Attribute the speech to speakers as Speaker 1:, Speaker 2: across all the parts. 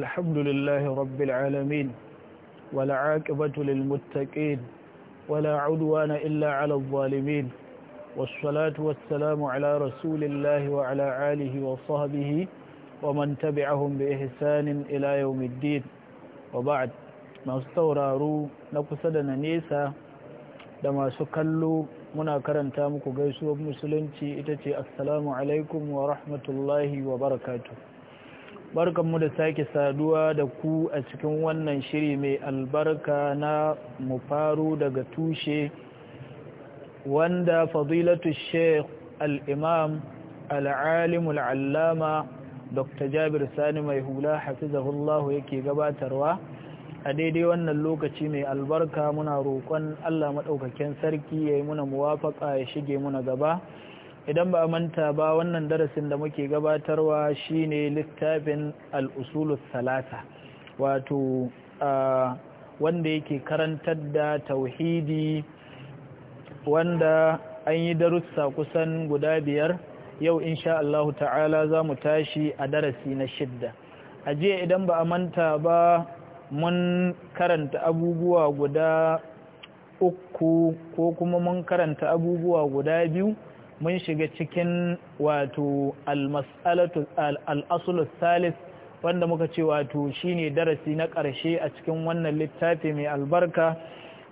Speaker 1: الحمد لله رب العالمين ولا عاقبة للمتقين ولا عدوان إلا على الظالمين والصلاة والسلام على رسول الله وعلى آله وصحبه ومن تبعهم بإحسان إلى يوم الدين وبعد ما استوراروا نقصدنا نيسا لما سكلوا muna karanta muku gaisuwar musulunci ita ce assalamu alaikum wa rahmatullahi wa barakatuh barkanmu da sake saduwa da ku a cikin wannan shiri mai albarka na mufaru daga tushe wanda fadilatu sheikh al'imam al'alimul allama dr jabir sani mai hula hafizahullahu yake gabatarwa a daidai wannan lokaci mai albarka muna roƙon allah maɗaukakin sarki ya yi muna muwafaƙa ya shige muna gaba idan ba manta ba wannan darasin da muke gabatarwa shine littafin al'usulus salata wato wanda yake karantar da tauhidi wanda an yi darussa kusan guda biyar yau insha Allah ta'ala za mu tashi a darasi na shidda a jiya idan ba a manta ba mun karanta abubuwa guda uku ko kuma mun karanta abubuwa guda biyu mun shiga cikin wato al-mas'alatu al salis wanda muka ce wato shine darasi na ƙarshe a cikin wannan littafi mai albarka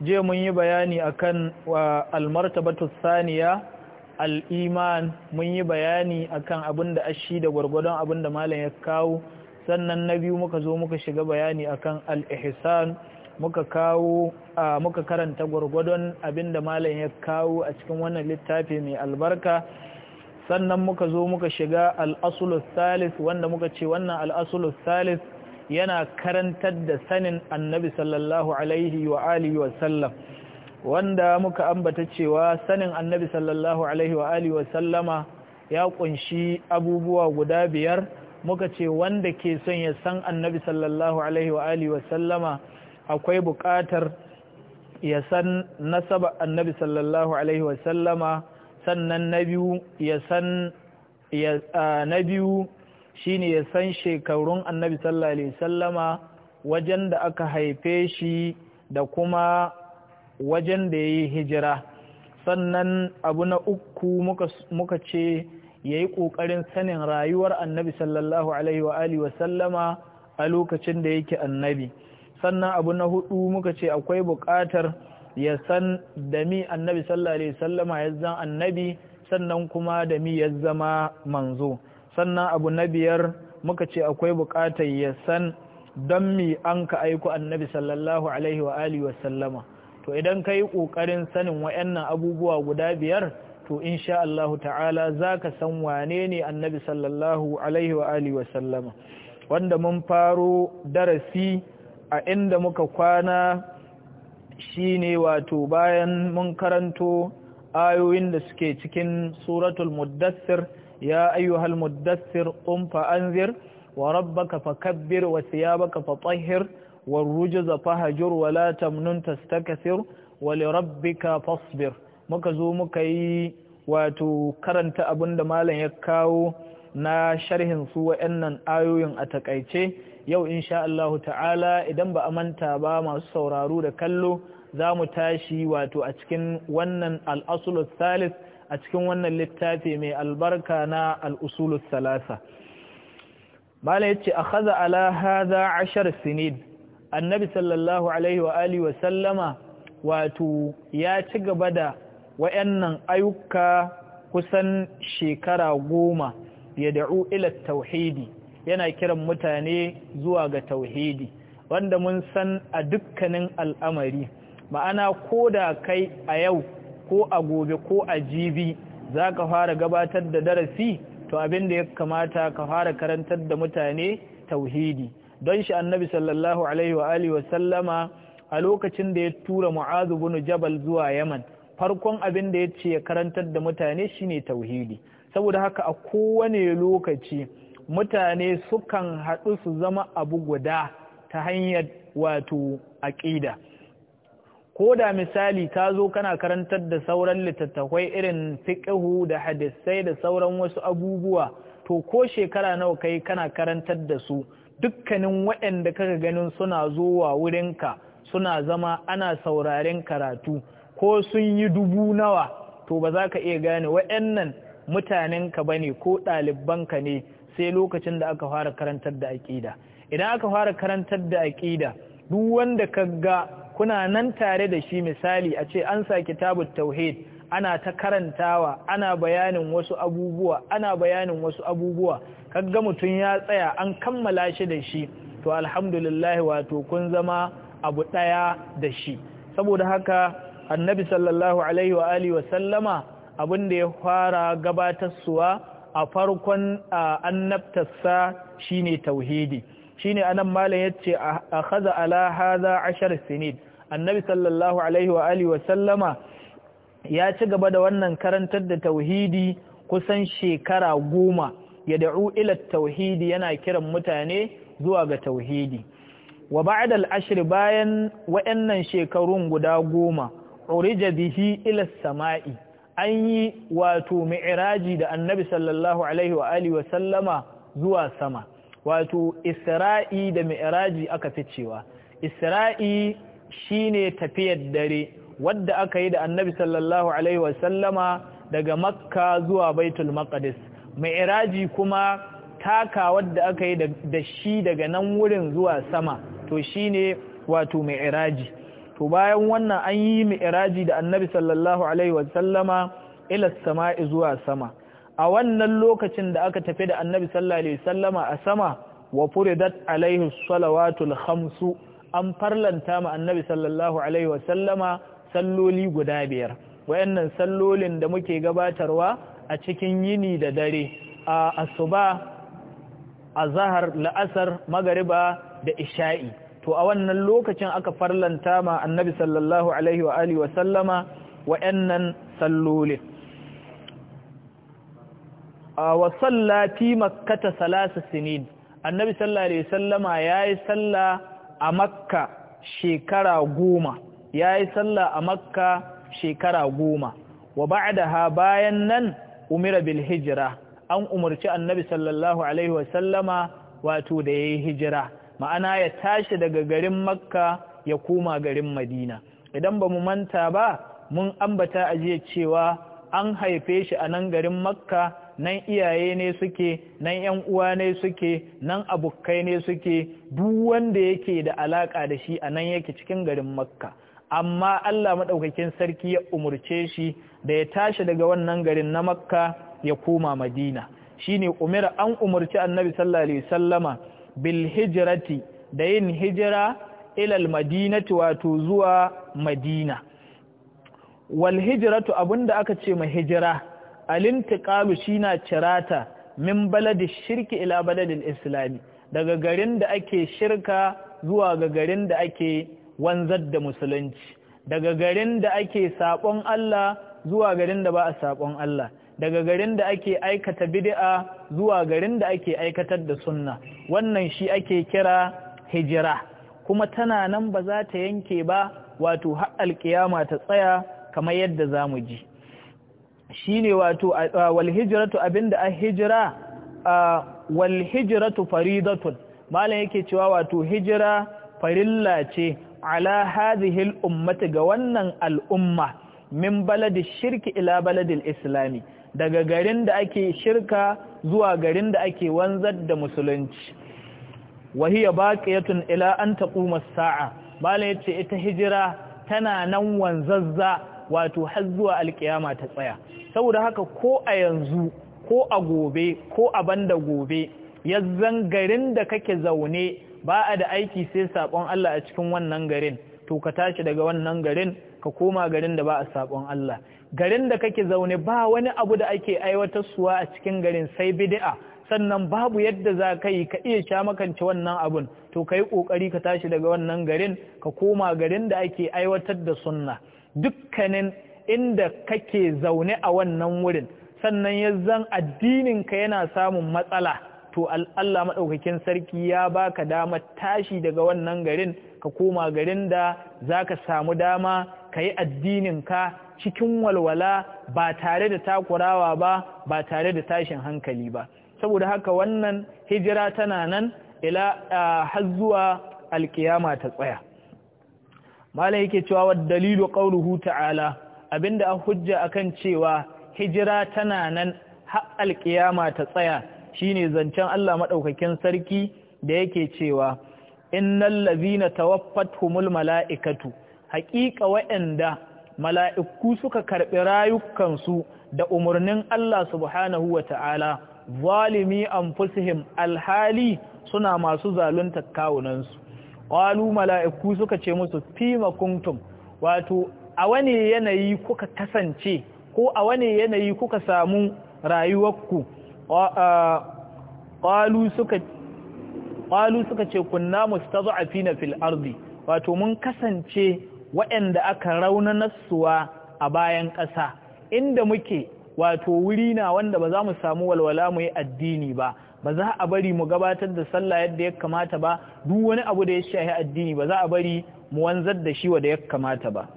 Speaker 1: je mun yi bayani akan al-martabatu thaniya al-iman mun yi bayani akan abinda ashi da abin abinda malam ya kawo sannan na biyu muka zo muka shiga bayani akan al-ihsan muka kawo muka karanta gwargwadon abinda malam ya kawo a cikin wannan littafi mai albarka sannan muka zo muka shiga al'asulus salis wanda muka ce wannan al'asulus salis yana karantar da sanin annabi sallallahu alaihi wa alihi wa sallam wanda muka ambata cewa sanin annabi sallallahu alaihi wa alihi wa sallama ya kunshi abubuwa guda biyar muka ce wanda ke son ya san annabi sallallahu alaihi wa alihi wa sallama akwai buƙatar ya san nasaba annabi sallallahu alaihi wasallama sannan na biyu ya san na biyu shine ya san shekarun annabi sallallahu alaihi wasallama wajen da aka haife shi da kuma wajen da yayi hijira sannan abu na uku muka muka ce yayi kokarin sanin rayuwar annabi sallallahu alaihi wa alihi wasallama a lokacin da yake annabi sannan abu na hudu muka ce akwai buƙatar ya san da mi annabi sallallahu alaihi wasallama ya zama annabi sannan kuma da mi ya zama manzo sannan abu na biyar muka ce akwai buƙatar ya san don mi an ka aiko annabi sallallahu alaihi wa alihi wasallama to idan ka yi ƙoƙarin sanin wa'annan abubuwa guda biyar to insha Allah ta'ala za ka san wane ne annabi sallallahu alaihi wa alihi wasallama wanda mun faro darasi a inda muka kwana shine wato bayan mun karanto ayoyin da suke cikin suratul muddassir ya ayyuhal muddassir qum fa anzir wa rabbaka fakabbir wa thiyabaka fatahhir war rujza fahjur wa la tamnun tastakthir wa li rabbika fasbir muka zo muka yi wato karanta abinda malam ya kawo na sharhin su wa'annan ayoyin a takaice yau insha Allah ta'ala idan ba a manta ba masu sauraro da kallo za mu tashi wato a cikin wannan al'asulus salis a cikin wannan littafi mai albarka na al'usulus salasa mala yace a haza ala haza ashar sinid annabi sallallahu alaihi wa alihi wa sallama wato ya ci gaba da wayannan ayyuka kusan shekara goma ya da'u ila tauhidi yana kiran mutane zuwa ga tauhidi wanda mun san a dukkanin al'amari ma'ana ko da kai a yau ko a gobe ko a jibi za ka fara gabatar da darasi to abin da ya kamata ka fara karantar da mutane tauhidi don shi annabi sallallahu alaihi wa alihi wa sallama a lokacin da ya tura mu'azu bin jabal zuwa yaman farkon abin da ya ce ya karantar da mutane shine tauhidi saboda haka a kowane lokaci mutane sukan haɗu su zama abu guda ta hanyar wato aƙida ko da misali ta zo kana karantar da sauran littattafai irin fiƙihu da hadisai da sauran wasu abubuwa to ko shekara nawa kai kana karantar da su dukkanin waɗanda kaka ganin suna zowa wurinka suna zama ana sauraren karatu ko sun yi dubu nawa to ba za ka iya gane waɗannan mutanenka ba ne ko ɗalibanka ne sai lokacin da aka fara karantar da aƙida idan aka fara karantar da aƙida duk wanda ka ga kuna nan tare da shi misali a ce an sa kitabut tauhid ana ta karantawa ana bayanin wasu abubuwa ana bayanin wasu abubuwa kaga mutum ya tsaya an kammala shi da shi to alhamdulillah wato kun zama abu ɗaya da shi saboda haka annabi sallallahu alaihi wa alihi wa sallama abin da ya fara gabatarsuwa a farkon annabtarsa shine tauhidi shine anan malam yace akhadha ala hadha 10 sinid annabi sallallahu alaihi wa alihi wa sallama ya ci gaba da wannan karantar da tauhidi kusan shekara goma ya da'u ila tauhidi yana kiran mutane zuwa ga tauhidi wa ba'da al bayan waɗannan shekarun guda goma urija bihi ila sama'i an yi wato mi'raji da annabi sallallahu alaihi wa alihi wa sallama zuwa sama wato isra'i da mi'raji aka fi cewa isra'i shine tafiyar dare wadda aka yi da annabi sallallahu alaihi wa sallama daga makka zuwa baitul maqdis mi'raji kuma taka wadda aka yi da shi daga nan wurin zuwa sama to shine wato mi'raji to bayan wannan an yi mi'raji da annabi sallallahu alaihi wasallama ila sama'i zuwa sama a wannan lokacin da aka tafi da annabi sallallahu alaihi wasallama a sama wa furidat alaihi salawatul khamsu an farlanta ma annabi sallallahu alaihi wasallama salloli guda biyar wayannan sallolin da muke gabatarwa a cikin yini da dare a asuba a zahar la'asar magariba da isha'i to a wannan lokacin aka farlanta ma annabi sallallahu alaihi wa alihi wa sallama wa'annan sallolin wa salla makkata salasa sinin annabi sallallahu alaihi sallama yayi salla a makka shekara goma yayi salla a makka shekara goma wa ha bayan nan umira bil hijra an umarci annabi sallallahu alaihi wa sallama wato da yayi hijira ma'ana ya tashi daga garin makka ya koma garin madina idan ba mu manta ba mun ambata a jiya cewa an haife shi a nan garin makka nan iyaye ne suke nan yan uwa ne suke nan abokai ne suke duk wanda yake da alaka da shi a nan yake cikin garin makka amma Allah maɗaukakin sarki ya umurce shi da ya tashi daga wannan garin na makka ya koma madina shine umira an umarci annabi sallallahu alaihi wasallama bil hijrati da yin hijira ilal madinati wato zuwa madina wal hijratu abinda aka ce ma hijira shi shina cirata min baladi shirki ila baladin islami daga garin da ake shirka zuwa ga garin da ake wanzar da musulunci daga garin da ake saƙon Allah zuwa garin da ba a saƙon Allah daga garin da ake aikata bid'a zuwa garin da ake aikatar da sunna wannan shi ake kira hijira kuma tana nan ba za ta yanke ba wato har alkiyama ta tsaya kamar yadda zamu ji shine wato wal hijratu abinda a hijira wal hijratu faridatun malam yake cewa wato hijira farilla ce ala hadhihi al ummati ga wannan al'umma min baladi shirki ila baladil islami daga garin da ake shirka zuwa garin da ake wanzar da musulunci wahiya baqiyatun ila an taquma as-sa'a bala yace ita hijira tana nan wanzazza wato har zuwa alkiyama ta tsaya saboda haka ko a yanzu ko a gobe ko a banda gobe yazzan garin da kake zaune ba a da aiki sai sabon Allah a cikin wannan garin to ka tashi daga wannan garin ka koma garin da ba a sabon Allah garin da kake zaune ba wani abu da ake aiwatar aiwatarsuwa a cikin garin sai bid'a sannan babu yadda za ka yi ka iya sha makance wannan abun to ka yi ƙoƙari ka tashi daga wannan garin ka koma garin da ake aiwatar da sunna dukkanin inda kake zaune a wannan wurin sannan ya zan ka yana samun matsala to Allah maɗaukakin sarki ya baka dama tashi daga wannan garin ka koma garin da za ka samu dama ka yi ka cikin walwala ba tare da takurawa ba ba tare da tashin hankali ba saboda haka wannan hijira tana nan ila har zuwa alkiyama ta tsaya Malam yake cewa wa dalilu qauluhu ta'ala abinda an hujja akan cewa hijira tana nan har alkiyama ta tsaya shine zancen Allah madaukakin sarki da yake cewa innal ladzina tawaffatuhumul mala'ikatu haqiqa wa'anda mala'iku suka karɓi rayukansu da umarnin Allah subhanahu wa ta'ala, zalimi an fusihim alhali suna masu zalunta kawunansu. Walu mala'iku suka ce musu fima kuntum, wato, a wani yanayi kuka kasance, ko a wani yanayi kuka samu rayuwarku. walu suka Ƙwalu suka ce kunna fina fil ardi wato mun kasance waɗanda aka rauna nasuwa a bayan ƙasa inda muke wato wuri na wanda ba za mu samu walwala mu yi addini ba ba za a bari mu gabatar da sallah yadda ya kamata ba duk wani abu da ya shahi addini ba za a bari mu wanzar da shi wanda ya kamata ba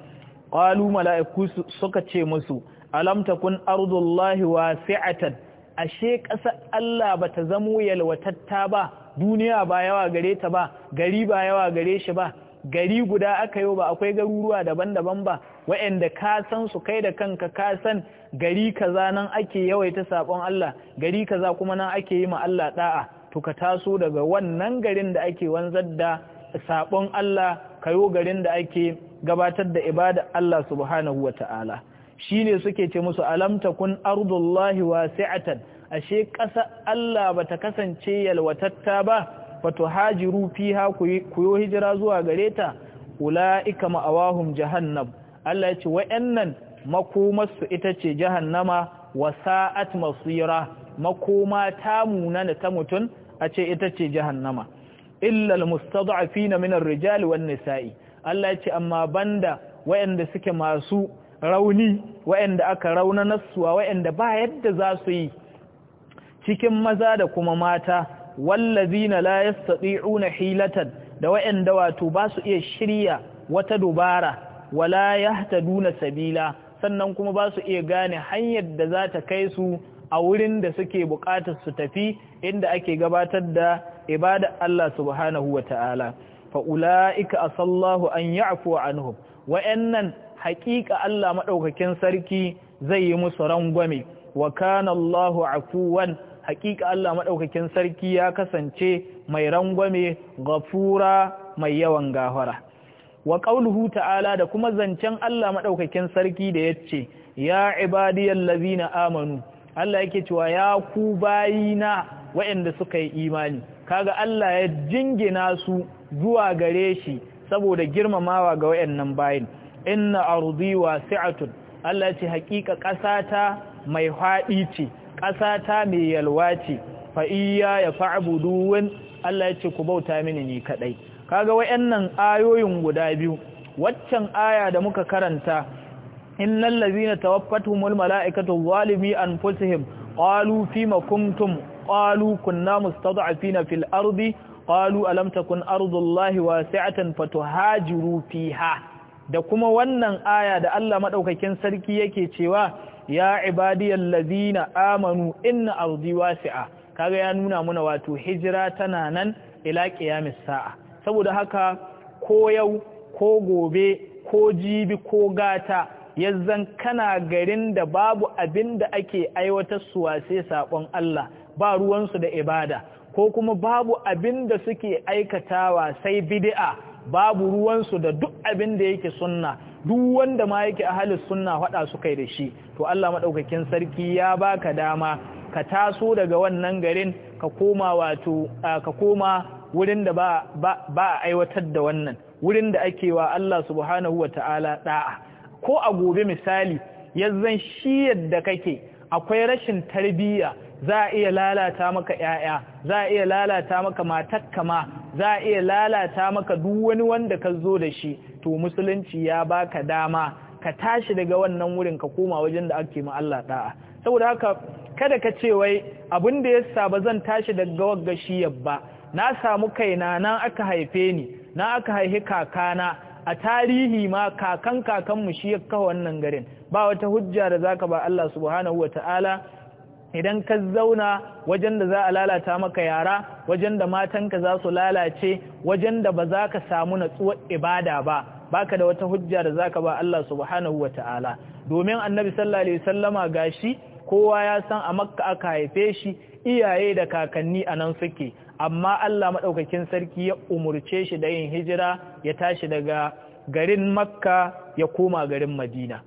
Speaker 1: qalu mala'iku suka ce musu alam takun ardullahi wasi'atan ashe ƙasa Allah ba ta zamo yalwatatta ba duniya ba yawa gare ta ba gari ba yawa gare shi ba gari guda aka yi ba akwai garuruwa daban-daban ba waɗanda ka san su kai da kanka ka san gari kaza nan ake yawaita sabon Allah gari kaza kuma nan ake yi ma Allah da'a to ka taso daga wannan garin da ake wanzar da sabon Allah kayo garin da ake gabatar da ibada Allah subhanahu wata'ala shine suke ce musu alam takun ardullahi wasi'atan ashe ƙasa Allah bata kasance yalwatatta ba fatuhajiru fiha ku yo hijira zuwa gare ta ula'ika ma'awahum jahannam Allah ya ce wa'annan makomarsu ita ce jahannama wa sa'at masira makoma ta munana ta mutun a ce ita ce jahannama illa almustad'afina min ar-rijal wan nisa'i Allah ya ce amma banda wa'anda suke masu rauni wa'anda aka rauna nasuwa wa'anda ba yadda za su yi cikin maza da kuma mata wallazina la yastati'una hilatan da wa'anda wato ba su iya shirya wata dubara wala yahtaduna sabila sannan kuma ba su iya gane hanyar da za ta kai su a wurin da suke buƙatar su tafi inda ake gabatar da ibada Allah subhanahu wata'ala fa ulaika asallahu an ya'fu anhum wa'annan haƙiƙa Allah madaukakin sarki zai yi musu rangwame wa kana Allahu afuwan hakika Allah maɗaukakin sarki ya kasance mai rangwame gafura mai yawan gafara wa qauluhu ta'ala da kuma zancen Allah maɗaukakin sarki da yace ya ibadiyal ladzina amanu Allah yake cewa ya ku bayina waɗanda suka yi imani kaga Allah ya jingina su zuwa gare shi saboda girmamawa ga waɗannan bayin inna ardi wasi'atun Allah ya ce hakika ƙasata mai haɗi ce ƙasa ta mai yalwa ce fa iya ya fa'abuduwan Allah ya ce ku bauta mini ni kaɗai kaga wayannan ayoyin guda biyu waccan aya da muka karanta innal ladzina tawaffatuhumul mala'ikatu zalimi anfusihim qalu fima kuntum qalu kunna mustad'afina fil ardi qalu alam takun ardullahi wasi'atan fatuhajiru ha. da kuma wannan aya da Allah maɗaukakin sarki yake cewa ya ibadiyal ladina amanu inna ardi wasi'a kaga ya nuna muna wato hijira tana nan ila qiyamis sa'a saboda haka ko yau ko gobe ko jibi ko gata yanzan kana garin da babu abin da ake aiwatar su wase saƙon Allah ba ruwansu da ibada ko kuma babu abin da suke aikatawa sai bid'a babu ruwansu da duk abin da yake sunna duk wanda ma yake ahalus sunna faɗa su kai da shi to Allah maɗaukakin sarki ya baka dama ka taso daga wannan garin ka koma wato ka koma wurin da ba ba aiwatar da wannan wurin da ake wa Allah subhanahu ta'ala da'a ko a gobe misali yanzu shi yadda kake akwai rashin tarbiyya za a iya lalata maka ‘ya'ya, za a iya lalata maka matakka ma, za a iya lalata maka duk wani wanda ka zo da shi, wato musulunci ya baka dama ka tashi daga wannan wurin ka koma wajen da ake ma Allah da'a saboda haka kada ka ce wai abin da ya sa ba zan tashi daga wagga shi yabba na samu kaina nan aka haife ni na aka haifi kakana a tarihi ma kakan kakanmu shi ya kawo wannan garin ba wata hujja da zaka ba Allah subhanahu wataala idan ka zauna wajen da za a lalata maka yara wajen da matanka za su lalace wajen da ba za ka samu natsuwar ibada ba baka da wata hujja da zaka ba Allah subhanahu wataala domin annabi sallallahu alaihi wasallama gashi kowa ya san a makka aka haife shi iyaye da kakanni a nan suke amma Allah madaukakin sarki ya umurce shi da yin hijira ya tashi daga garin makka ya koma garin madina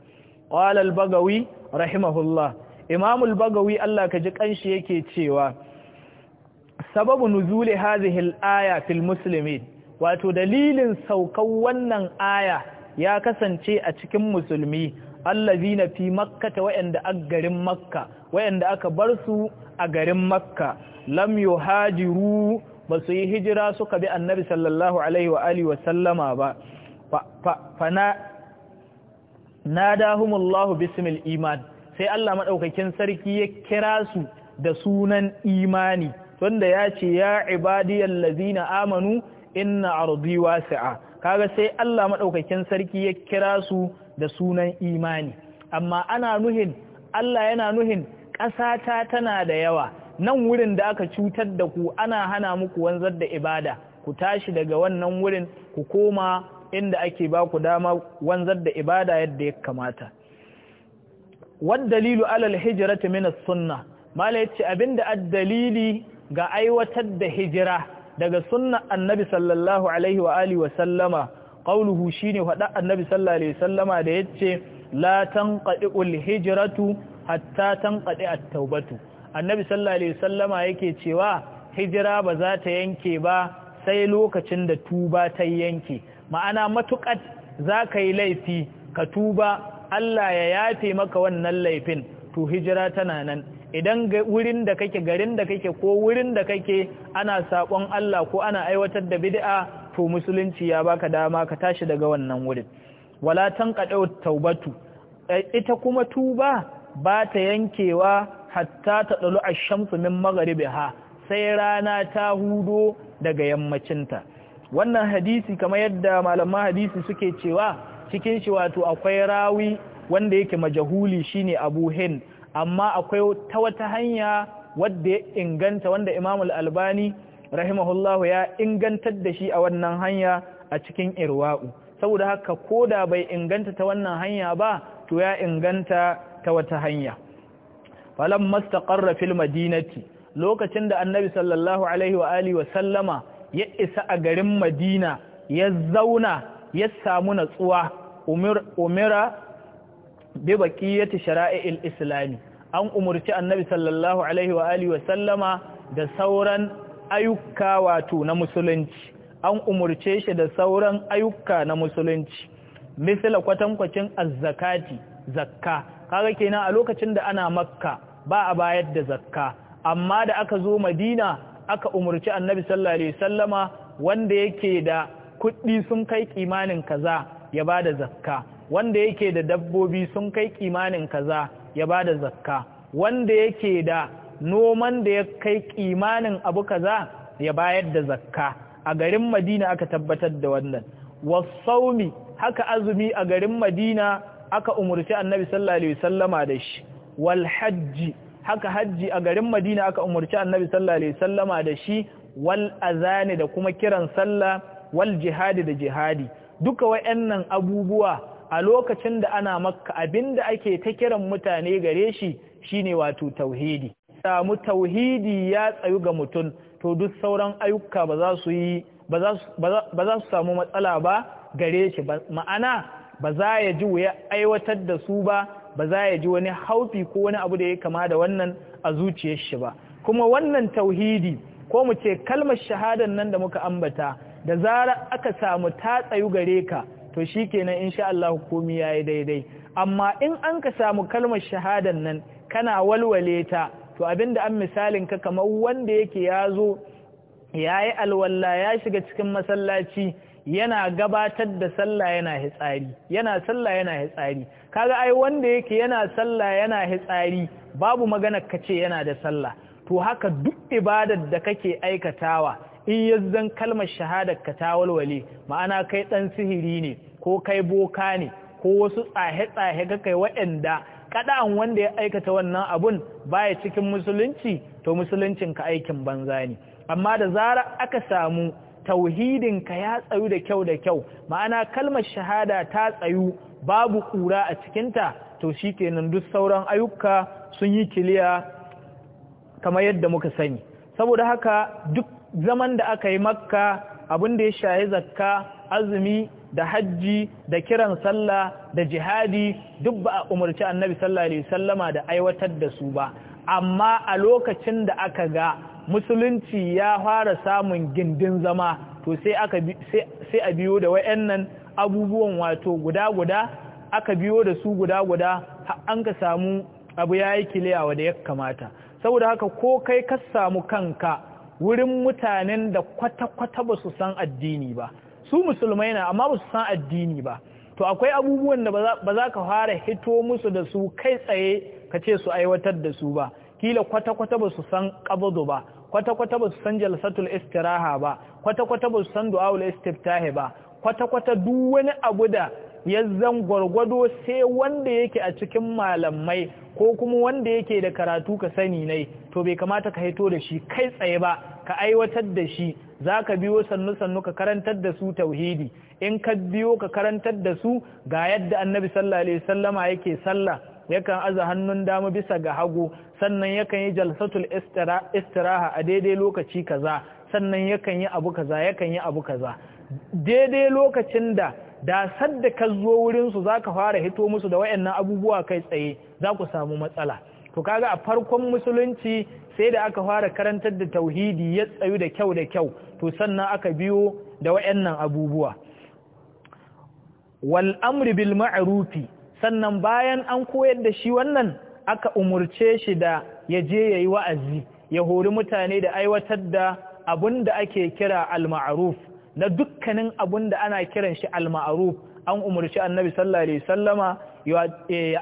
Speaker 1: qala al-bagawi rahimahullah imam al-bagawi Allah ka ji kanshi yake cewa sababu nuzuli hadhihi al-aya fil muslimin wato dalilin saukan wannan aya ya kasance a cikin musulmi allazina fi makkata wayanda a garin makka wayanda aka bar su a garin makka lam yuhajiru ba su yi hijira suka bi annabi sallallahu alaihi wa alihi wa sallama ba fa na nadahumullahu bismil iman sai Allah madaukakin sarki ya kira su da sunan imani wanda ya ce ya ibadiyallazina amanu inna ardi wasi'a kaga sai Allah madaukakin sarki ya kira su da sunan imani amma ana nuhin Allah yana nuhin ƙasata tana da yawa nan wurin da aka cutar da ku ana hana muku wanzar da ibada ku tashi daga wannan wurin ku koma inda ake ba ku dama wanzar da ibada yadda ya kamata wad dalilu alal hijrati min as-sunnah mala yace abinda ad-dalili ga aiwatar da hijira daga sunna annabi sallallahu alaihi wa alihi wa sallama qauluhu shine fada annabi sallallahu alaihi wa sallama da yace la tanqadi'ul hijratu hatta tanqadi at-taubatu annabi sallallahu alaihi wa sallama yake cewa hijira ba za ta yanke ba sai lokacin da tuba ta yanke ma'ana matukat za ka yi laifi ka tuba Allah ya yafe maka wannan laifin to hijira tana nan idan wurin da kake garin da kake ko wurin da kake ana saƙon Allah ko ana aiwatar da bid'a to musulunci ya baka dama ka tashi daga wannan wurin wala tan tanqadu taubatu e, ita kuma tuba ba ta yankewa hatta ta dalu ash-shamsu min maghribiha sai rana ta hudo daga yammacinta wannan hadisi kamar yadda malaman hadisi suke cewa cikin shi wato akwai rawi wanda yake majahuli shine Abu Hind amma akwai ta wata hanya wadda ya inganta wanda Imam Al-Albani rahimahullahu ya ingantar da shi a wannan hanya a cikin irwa'u saboda haka ko da bai inganta ta wannan hanya ba to ya inganta ta wata hanya falan mastaqarra fil madinati lokacin da annabi sallallahu alaihi wa alihi wa sallama ya isa a garin madina ya zauna ya samu natsuwa umira bi baqiyati shara'il islami an umurci annabi sallallahu alaihi wa alihi wa sallama da sauran ayyuka wato na musulunci an umurce shi da sauran ayyuka na musulunci misala kwatankwacin az-zakati, zakka kaga kenan a lokacin da ana makka ba a bayar da zakka amma da aka zo madina aka umurci annabi sallallahu alaihi sallama wanda yake da kuɗi sun kai kimanin kaza ya bada zakka wanda yake da dabbobi sun kai kimanin kaza ya ba da zakka wanda yake da noman da ya kai kimanin abu kaza ya bayar da zakka a garin madina aka tabbatar da wannan wasaumi haka azumi a garin madina aka umurci annabi sallallahu alaihi wasallama da shi wal hajji haka hajji a garin madina aka umurci annabi sallallahu alaihi wasallama da shi wal azani da kuma kiran sallah wal jihadi da jihadi duka wayannan abubuwa a lokacin da ana makka abinda ake ta kiran mutane gare shi shine wato tauhidi samu tauhidi ya tsayu ga mutum to duk sauran ayyuka ba za su yi ba za su samu matsala ba gare shi ma'ana ba za ya ji wuya aiwatar da su ba ba za ya ji wani haufi ko wani abu da ya kama da wannan a zuciyar shi ba kuma wannan tauhidi ko mu ce kalmar shahadan nan da muka ambata da zara aka samu ta tsayu gare ka to shi kenan in sha Allah komi ya yi daidai amma in an ka samu kalmar shahadar nan kana walwale ta to abin da an misalin ka kamar wanda yake ya zo ya yi alwalla ya shiga cikin masallaci yana gabatar da sallah yana hitsari yana sallah yana hitsari kaga ai wanda yake yana sallah yana hitsari babu magana kace yana da sallah to haka duk ibadar da kake aikatawa zan kalmar shahadar ka ta walwale ma'ana kai ɗan sihiri ne ko kai boka ne ko wasu tsahe-tsahe ga kai waɗanda kaɗan wanda ya aikata wannan abun baya cikin musulunci to musuluncin ka aikin banza ne amma da zarar aka samu tauhidin ka ya tsayu da kyau da kyau ma'ana kalmar shahada ta tsayu babu kura a cikinta to shi kenan duk sauran ayyuka sun yi kiliya kamar yadda muka sani saboda haka duk zaman da aka yi makka abin da ya shaye zakka azumi da hajji da kiran sallah da jihadi duk ba a umarci annabi sallallahu alaihi wasallama da aiwatar da su ba amma a lokacin da aka ga musulunci ya fara samun gindin zama to sai aka sai a biyo da wayannan abubuwan wato guda guda aka biyo da su guda guda an ka samu abu yayi kiliyawa da ya kamata saboda haka ko kai ka samu kanka wurin mutanen da kwata-kwata ba su san addini ba su musulmai na amma ba su san addini ba to akwai abubuwan da ba za ka fara hito musu da su kai tsaye ka ce su aiwatar da su ba kila kwata-kwata ba su san qabdu ba kwata-kwata ba su san jalsatul istiraha ba kwata-kwata ba su san du'aul istiftahi ba kwata-kwata duk wani abu da ya zan gwargwado sai wanda yake a cikin malamai ko kuma wanda yake da karatu ka sani nai to bai kamata ka haito da shi kai tsaye ba ka aiwatar da shi za ka biyo sannu-sannu ka karantar da su tauhidi in ka biyo ka karantar da su ga yadda annabi sallallahu alaihi wasallama yake sallah yakan aza hannun dama bisa ga hagu sannan yakan yi jalsatul istiraha a daidai lokaci kaza sannan yakan yi abu kaza yakan yi abu kaza daidai lokacin da da sadda ka zo wurinsu za ka fara hito musu da wayannan abubuwa kai tsaye za ku samu matsala to kaga a farkon musulunci sai da aka fara karantar da tauhidi ya tsayu da kyau da kyau to sannan aka biyo da wayannan abubuwa wal amri bil ma'rufi sannan bayan an koyar da shi wannan aka umurce shi da ya je yayi wa'azi ya hori mutane da aiwatar da abin da ake kira al ma'ruf na dukkanin abun da ana kiran shi al an umarci annabi sallallahu alaihi sallama ya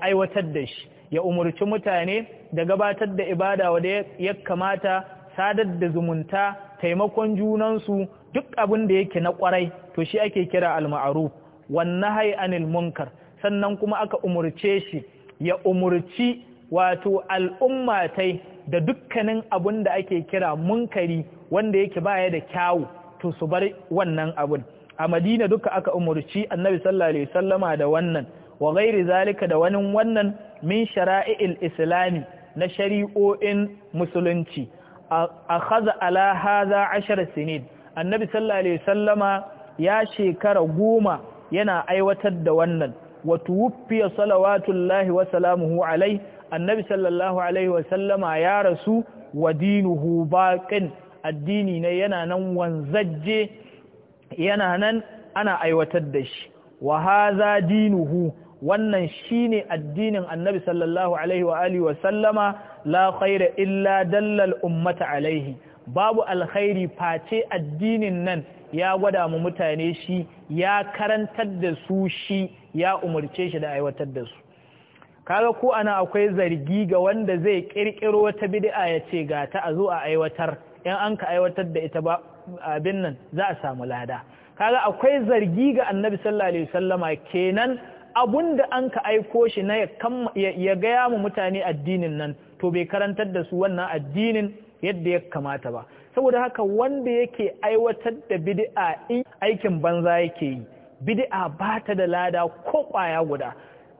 Speaker 1: aiwatar da shi ya umarci mutane da gabatar da ibada wanda ya kamata sadar da zumunta taimakon junansu duk abin da yake na kwarai to shi ake kira al-ma'ruf wan anil munkar sannan kuma aka umurce shi ya umurci wato al'ummatai da dukkanin abun da ake kira munkari wanda yake baya da kyawu to su bar wannan abun a madina duka aka umurci annabi sallallahu alaihi wasallama da wannan wa ghairi zalika da wani wannan min shara'i'il islami na shari'o'in musulunci a khaza ala hadha ashar sinin annabi sallallahu alaihi wasallama ya shekara goma yana aiwatar da wannan wa tuwfiya salawatullahi wa salamuhu alaihi annabi sallallahu alaihi wasallama ya rasu wa dinuhu baqin addini ne yana nan wanzajje yana nan ana aiwatar da shi wa haza dinuhu wannan shine addinin annabi sallallahu alaihi wa alihi wa sallama la khaira illa dallal ummata alaihi babu alkhairi face addinin nan ya gwada mu mutane shi ya karantar da su shi ya umarce shi da aiwatar da su kaga ko ana akwai zargi ga wanda zai kirkiro wata bid'a ya ce ga ta a zo a aiwatar in an ka aiwatar da ita ba abin nan za a samu lada kaga akwai zargi ga annabi sallallahu alaihi wasallama kenan abunda an ka aiko shi na ya gaya mu mutane addinin nan to bai karantar da su wannan addinin yadda ya kamata ba saboda haka wanda yake aiwatar da bid'a aikin banza yake yi bid'a ba ta da lada ko kwaya guda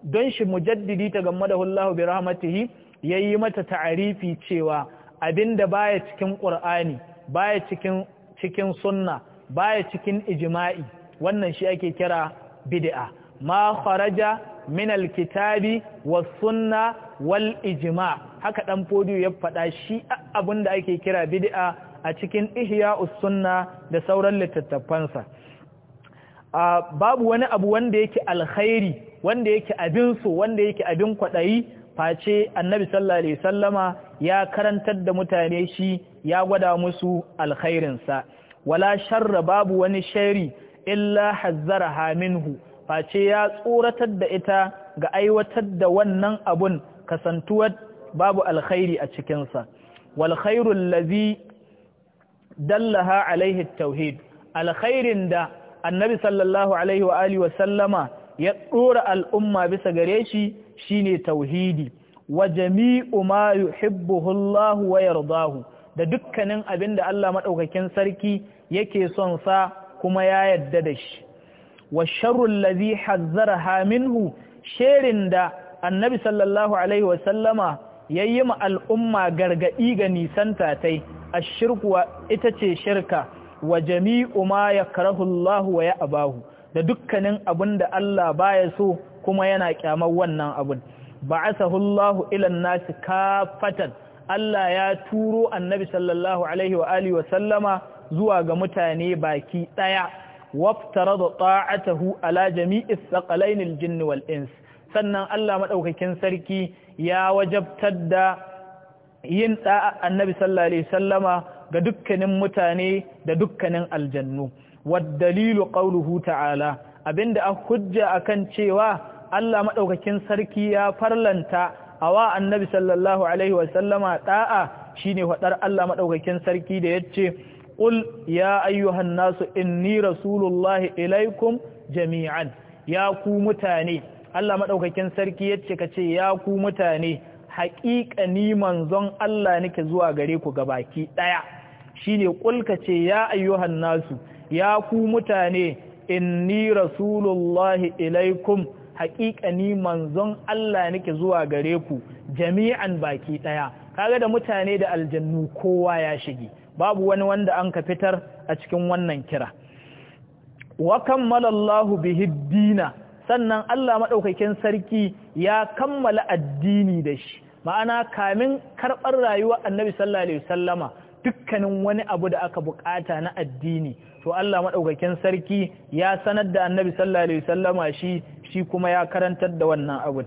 Speaker 1: don shi mujaddidi ta gammada hullahu bi rahmatihi yayi mata ta'arifi cewa Abin da baya cikin ƙur'ani ba cikin cikin sunna baya cikin ijima'i, wannan shi ake kira bid'a ma kharaja min alkitabi was sunna wal ijma' haka dan fodiyo ya faɗa shi da ake kira bid'a a cikin ihya'us sunna da sauran littattafansa babu wani abu wanda yake alkhairi wanda yake abin so wanda yake abin kwaɗayi face annabi sallallahu alaihi sallama ya karantar da mutane shi ya gwada musu alkhairinsa wala sharra babu wani shari illa hazzaraha minhu face ya tsoratar da ita ga aiwatar da wannan abun kasantuwar babu alkhairi a cikinsa wal khairul ladhi dallaha alaihi tauhid alkhairin da annabi sallallahu alaihi wa alihi wa sallama ya dora al'umma bisa gare shi shine tauhidi wa jami'u ma yuhibbuhu Allah wa yardahu da dukkanin abin da Allah madaukakin sarki yake son sa kuma ya yarda da shi wa sharrul ladhi hazzaraha minhu sharin da annabi sallallahu alaihi wa sallama yayi ma al'umma gargadi ga nisanta tai ashirku ita ce shirka wa jami'u ma yakrahu Allah wa ya'abahu da dukkanin abin da Allah baya so kuma yana kyamar wannan abin ba'athahu Allahu ila an-nas kafatan Allah ya turo annabi sallallahu alaihi wa alihi wa sallama zuwa ga mutane baki daya waftarada ta'atahu ala jami'i thaqalain al-jinn wal-ins sannan Allah madaukakin sarki ya wajabtar da yin da'a annabi sallallahu alaihi wa sallama ga dukkanin mutane da dukkanin aljannu wad dalilu qawluhu ta'ala abinda a hujja akan cewa Allah maɗaukakin sarki ya farlanta a wa annabi sallallahu alaihi wasallama ɗa'a shi ne faɗar Allah maɗaukakin sarki da ya ce ƙul ya ayyuhan nasu inni rasulullahi ilaikum jami'an ya ku mutane Allah maɗaukakin sarki ya ce ka ce ya ku mutane haƙiƙa ni manzon Allah nake zuwa gare ku gabaki ɗaya shi ne ƙulka ce ya ayyuhan nasu ya ku mutane inni rasulullahi ilaikum haƙiƙa ni manzon Allah nake zuwa gare ku jami'an baki ɗaya kaga da mutane da aljannu kowa ya shige babu wani wanda an ka fitar a cikin wannan kira wa kammala Allahu bihi dina sannan Allah maɗaukakin sarki ya kammala addini da shi ma'ana kamin karɓar rayuwar Annabi sallallahu alaihi wasallama dukkanin wani abu da aka buƙata na addini to Allah maɗaukakin sarki ya sanar da annabi sallallahu alaihi wasallama shi shi kuma ya karantar da wannan abin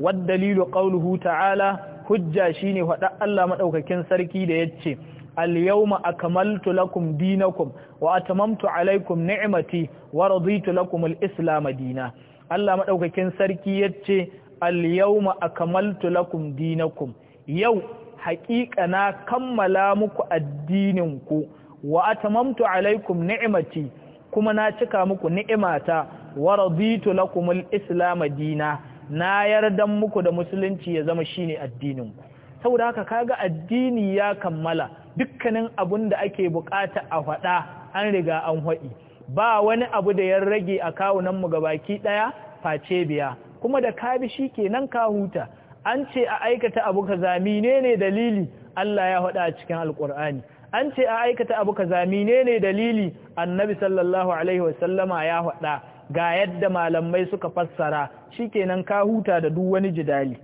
Speaker 1: wadda dalilu qawluhu ta'ala hujja shine faɗa Allah maɗaukakin sarki da yace al-yawma akmaltu lakum dinakum wa atamamtu alaikum ni'mati wa raditu lakum al-islam dina Allah maɗaukakin sarki yace al-yawma akmaltu lakum dinakum yau haƙiƙa na kammala muku addininku ku wa atamamtu alaikum ni'mati kuma na cika muku ni'imata wa raditu lakum islam dina na yardan muku da musulunci ya zama shine addinin ku saboda haka kaga addini ya kammala dukkanin abun da ake bukata a fada an riga an haɗi ba wani abu da ya rage a kawunan mu gabaki daya face biya kuma da ka bi shikenan ka huta an ce a aikata abu kaza menene dalili Allah ya faɗa a cikin alkur'ani an ce a aikata abu kaza menene dalili annabi sallallahu alaihi wasallama ya faɗa ga yadda malamai suka fassara shikenan ka huta da duk wani jidali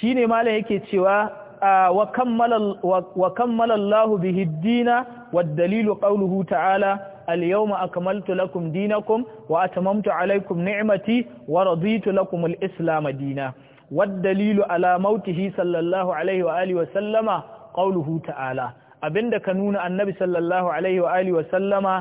Speaker 1: shine malam yake cewa wa kammala wa kammala Allahu bihi dina wad dalilu qawluhu ta'ala اليوم أكملت لكم دينكم Wa عليكم نعمتي ورضيت لكم الإسلام دينا والدليل على موته صلى الله عليه wa sallama. qauluhu ta'ala abinda ka nuna annabi sallallahu alaihi wa alihi wa sallama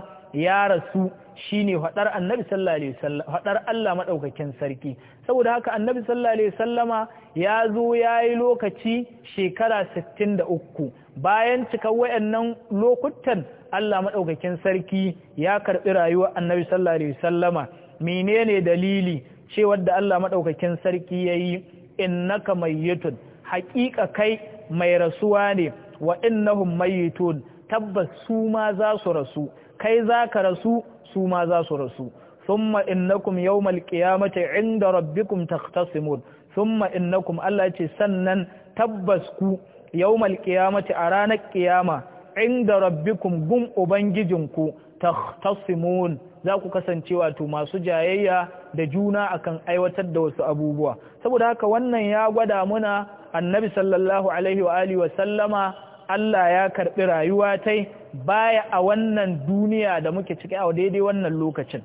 Speaker 1: ya rasu shine haɗar annabi sallallahu alaihi wasallam Allah maɗaukakin sarki saboda haka annabi sallallahu alaihi ya zo yayi lokaci shekara 63 bayan cikar wayannan lokutan Allah maɗaukakin sarki ya karbi rayuwar annabi sallallahu alaihi menene dalili cewar da Allah maɗaukakin sarki yayi innaka mayyatun haƙiƙa kai mai rasuwa ne wa innahum mayitun tabbas su ma za su rasu kai za ka rasu su ma za su rasu thumma innakum yawmal qiyamati inda rabbikum taqtasimun thumma innakum Allah ce sannan tabbas ku yawmal qiyamati a ranar qiyama inda rabbikum gum ubangijinku taqtasimun za ku kasance wato masu jayayya da juna akan aiwatar da wasu abubuwa saboda haka wannan ya gwada muna annabi sallallahu alaihi wa alihi wa sallama Allah ya karbi rayuwa tai baya a wannan duniya da muke ciki a daidai wannan lokacin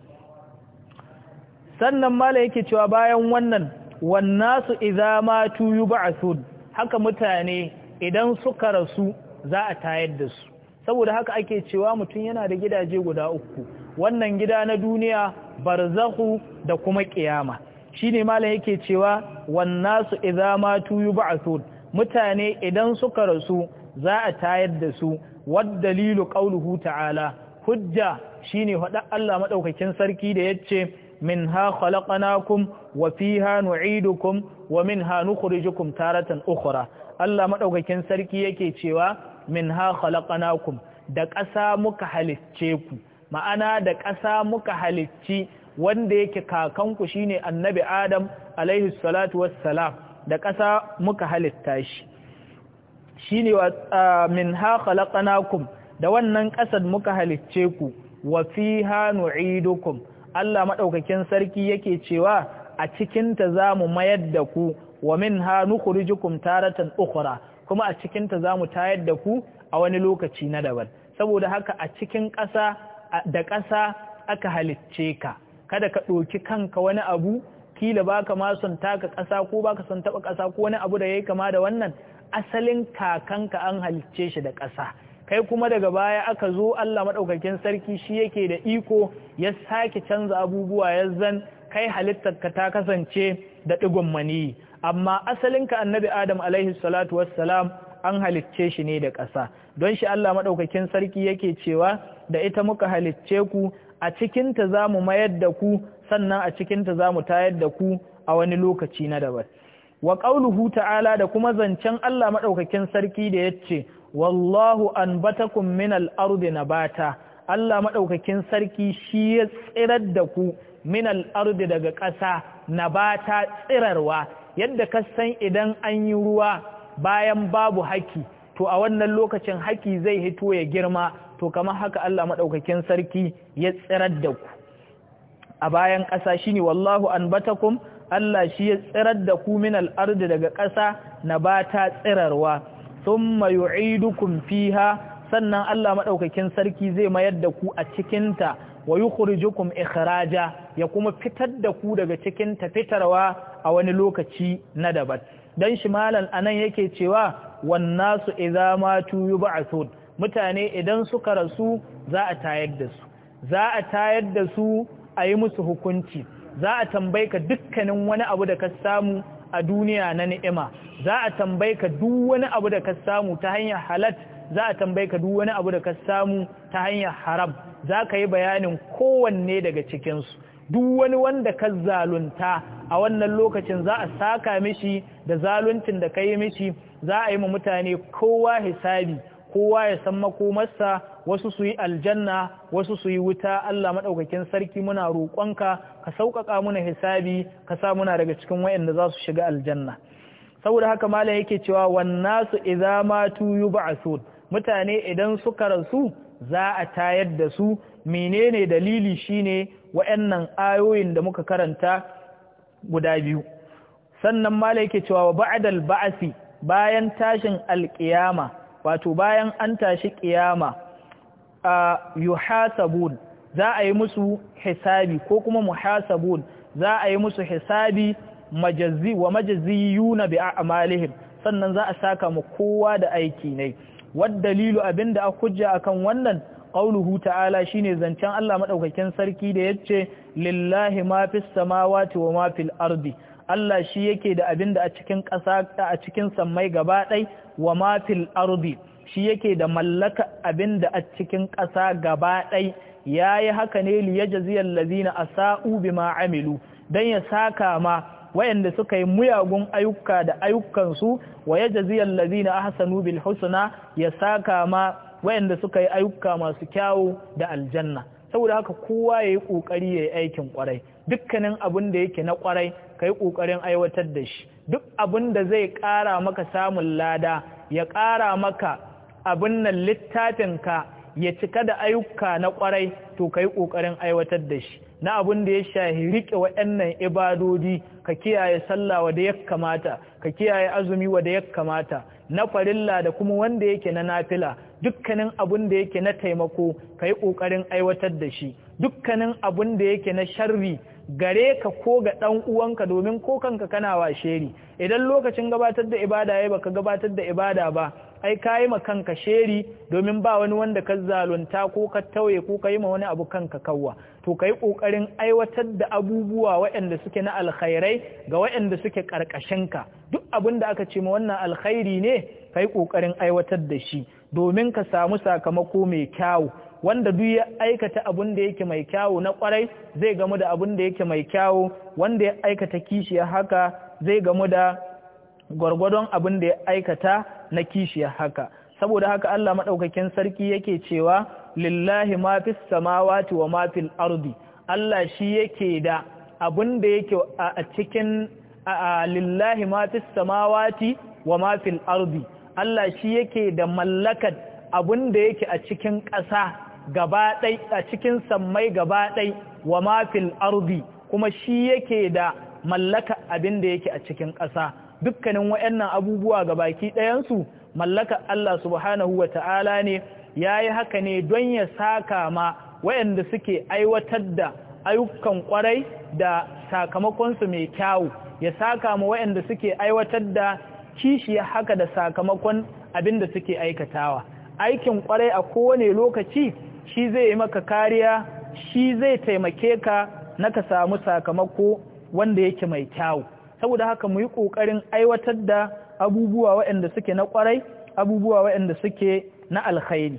Speaker 1: sannan mala yake cewa bayan wannan wannasu idza matu yub'athun haka mutane idan suka rasu za a tayar da su saboda haka ake cewa mutum yana da gidaje guda uku wannan gida na duniya barzahu da kuma kiyama shine mala yake cewa wannasu idza matu yub'athun mutane idan suka rasu za a tayar da su wadda dalilu qawluhu ta'ala hujja shine hada Allah maɗaukakin sarki da yace minha khalaqnakum wa fiha nu'idukum wa minha nukhrijukum taratan ukhra Allah maɗaukakin sarki yake cewa minha khalaqnakum da ƙasa muka halicce ku ma'ana da ƙasa muka halicci wanda yake kakanku shine annabi Adam alaihi salatu wassalam da ƙasa muka halitta shi shi ne min ha khalaqnakum da wannan ƙasar muka halicce ku wa ha nu'idukum Allah maɗaukakin sarki yake cewa a cikinta ta zamu mayar da ku wa min ha nukhrijukum taratan ukhra kuma a cikinta ta zamu tayar da ku a wani lokaci na daban saboda haka a cikin ƙasa da ƙasa aka halicce ka kada ka ɗoki kanka wani abu kila baka ma son taka ƙasa ko baka son taɓa ƙasa ko wani abu da yayi kama da wannan asalin kakanka an halicce shi da ƙasa kai kuma daga baya aka zo Allah maɗaukakin sarki shi yake da iko ya sake canza abubuwa ya zan kai halittarka ta kasance da ɗigon mani. amma asalin ka annabi Adam alaihi salatu wassalam an halicce shi ne da ƙasa don shi Allah maɗaukakin sarki yake cewa da ita muka halicce ku a cikinta za mu mayar da ku sannan a cikinta za mu tayar da ku a wani lokaci na daban wa qauluhu ta'ala da kuma zancen Allah maɗaukakin sarki da yace wallahu anbatakum min al-ardi nabata Allah maɗaukakin sarki shi ya tsirar da ku min al-ardi daga ƙasa na nabata tsirarwa yadda ka san idan an yi ruwa bayan babu haki to a wannan lokacin haki zai hito ya girma to kamar haka Allah maɗaukakin sarki ya tsirar da ku a bayan ƙasa ne wallahu kum Allah shi ya tsirar da ku min al daga ƙasa na nabata tsirarwa thumma yu'idukum fiha sannan Allah maɗaukakin sarki zai mayar da ku a cikinta ta wa yukhrijukum ikhraja ya kuma fitar da ku daga cikinta fitarwa a wani lokaci na daban dan shi malan anan yake cewa wan nasu idza matu sun." mutane idan suka rasu za a tayar da su za a tayar da su a yi musu hukunci za a tambayi ka dukkanin wani abu da ka samu a duniya na ni'ima za a tambayi ka duk wani abu da ka samu ta hanyar halat za a tambayi ka duk wani abu da ka samu ta hanyar haram za ka yi bayanin kowanne daga cikinsu duk wani wanda ka zalunta a wannan lokacin za a saka mishi da zaluncin da ka yi mishi za a yi ma mutane kowa hisabi kowa ya san makomarsa wasu su yi aljanna wasu su yi wuta Allah maɗaukakin sarki muna roƙonka ka sauƙaƙa muna hisabi ka sa muna daga cikin wayanda za su shiga aljanna saboda haka malam yake cewa wannasu idza matu yub'asun mutane idan suka rasu za a tayar da su menene dalili shine wayannan ayoyin da muka karanta guda biyu sannan malam yake cewa ba'dal ba'si bayan tashin alƙiyama wato bayan an tashi ƙiyama a yuhasabun za a yi musu hisabi ko kuma muhasabun za a yi musu hisabi majazzi wa majazziyuna bi a'malihim sannan za a saka mu kowa da aiki ne wad dalilu abinda a hujja akan wannan qauluhu ta'ala shine zancen Allah madaukakin sarki da yace lillahi ma fis samawati wa ma fil ardi Allah shi yake da abin da a cikin ƙasa a cikin sammai gaba ɗai wa mafil arubi shi yake da mallaka abin da a cikin ƙasa gaba ɗai ya yi haka ne liya jaziyar lazina a sa'ubi bi ma'amilu don ya saka ma wayanda suka yi muyagun ayyuka da ayyukansu wa ya jaziyar lazina a hasanu bil husuna ya saka ma wayanda suka yi ayyuka masu kyawu da aljanna saboda haka kowa ya yi ƙoƙari ya yi aikin ƙwarai dukkanin abin da yake na ƙwarai kai yi ƙoƙarin aiwatar da shi duk abin da zai ƙara maka samun lada ya ƙara maka abin nan ka ya cika da ayyuka na ƙwarai to ka yi ƙoƙarin aiwatar da shi na abin da ya shahi riƙe waɗannan ibadodi ka kiyaye sallah wanda ya kamata ka kiyaye azumi wanda ya kamata na farilla da kuma wanda yake na nafila dukkanin abin da yake na taimako ka yi ƙoƙarin aiwatar da shi dukkanin abin da yake na sharri gare ka ko ga ɗan uwanka domin ko kanka kana sheri. idan lokacin gabatar da ibada ya baka gabatar da ibada ba ai ka yi ma kanka sheri domin ba wani wanda ka zalunta ko ka tauye ko ka yi ma wani abu kanka kawwa to ka yi ƙoƙarin aiwatar da abubuwa waɗanda suke na alkhairai ga waɗanda suke ƙarƙashinka duk abin da aka ce ma wannan alkhairi ne ka yi ƙoƙarin aiwatar da shi domin ka samu sakamako mai kyawu wanda duk ya aikata abin da yake mai kyawo na kwarai zai gamu da abin da yake mai kyawu wanda ya aikata kishiyar haka zai gamu da gwargwadon abin da ya aikata na kishiyar haka saboda haka Allah maɗaukakin sarki yake cewa lillahi ma fis samawati wa ma fil ardi Allah shi yake da abin da yake a cikin lillahi ma fis samawati wa ma fil ardi Allah shi yake da mallakar abin da yake a cikin ƙasa gaba a cikin sammai gabaɗai wa mafil arzi. kuma shi yake da mallaka abin da yake a cikin ƙasa dukkanin wa'annan abubuwa ga baki ɗayansu mallaka Allah subhanahu wa ta'ala ne ya yi haka ne don ya saka ma wa'anda suke aiwatar da ayyukan ƙwarai da sakamakonsu mai kyawu ya saka ma wa'anda suke aiwatar da kishiya haka da sakamakon abin da suke aikatawa aikin ƙwarai a kowane lokaci shi zai yi maka kariya shi zai taimake ka na ka samu sakamako wanda yake mai kyawu saboda haka mu yi ƙoƙarin aiwatar da abubuwa waɗanda suke na ƙwarai abubuwa waɗanda suke na alkhairi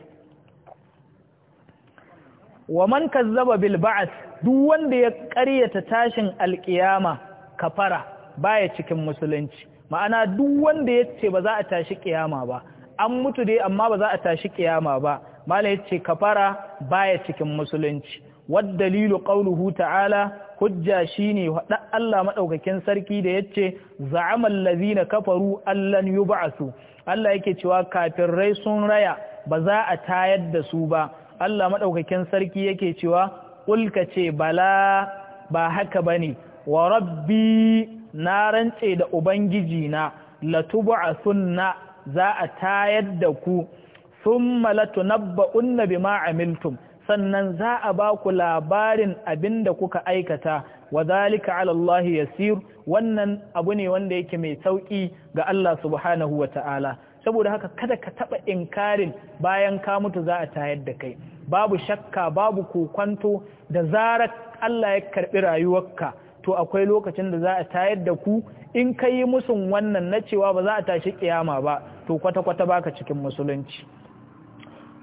Speaker 1: wa man kazzaba bil ba'ath duk wanda ya ƙaryata tashin alkiyama kafara baya cikin musulunci ma'ana duk wanda ya ce ba za a tashi kiyama ba an mutu dai amma ba za a tashi kiyama ba mala yace kafara baya cikin musulunci wad dalilu qawluhu ta'ala hujja shine hada Allah madaukakin sarki da yace za'ama allazina kafaru allan yub'asu Allah yake cewa kafirai sun raya ba za a tayar da su ba Allah madaukakin sarki yake cewa Ulka ce bala ba haka bane wa rabbi na rantse da ubangiji na latub'asunna za a tayar da ku sun nabba unna bi ma'amiltum sannan za a ba ku labarin abin da kuka aikata wa zalika ala Allah yasir wannan abu ne wanda yake mai sauƙi ga Allah subhanahu wa ta'ala saboda haka kada ka taba inkarin bayan ka mutu za a tayar da kai babu shakka babu kokwanto da zarar Allah ya karɓi rayuwarka to akwai lokacin da za a tayar da ku in ka yi musun wannan na cewa ba za a tashi kiyama ba to kwata-kwata baka cikin musulunci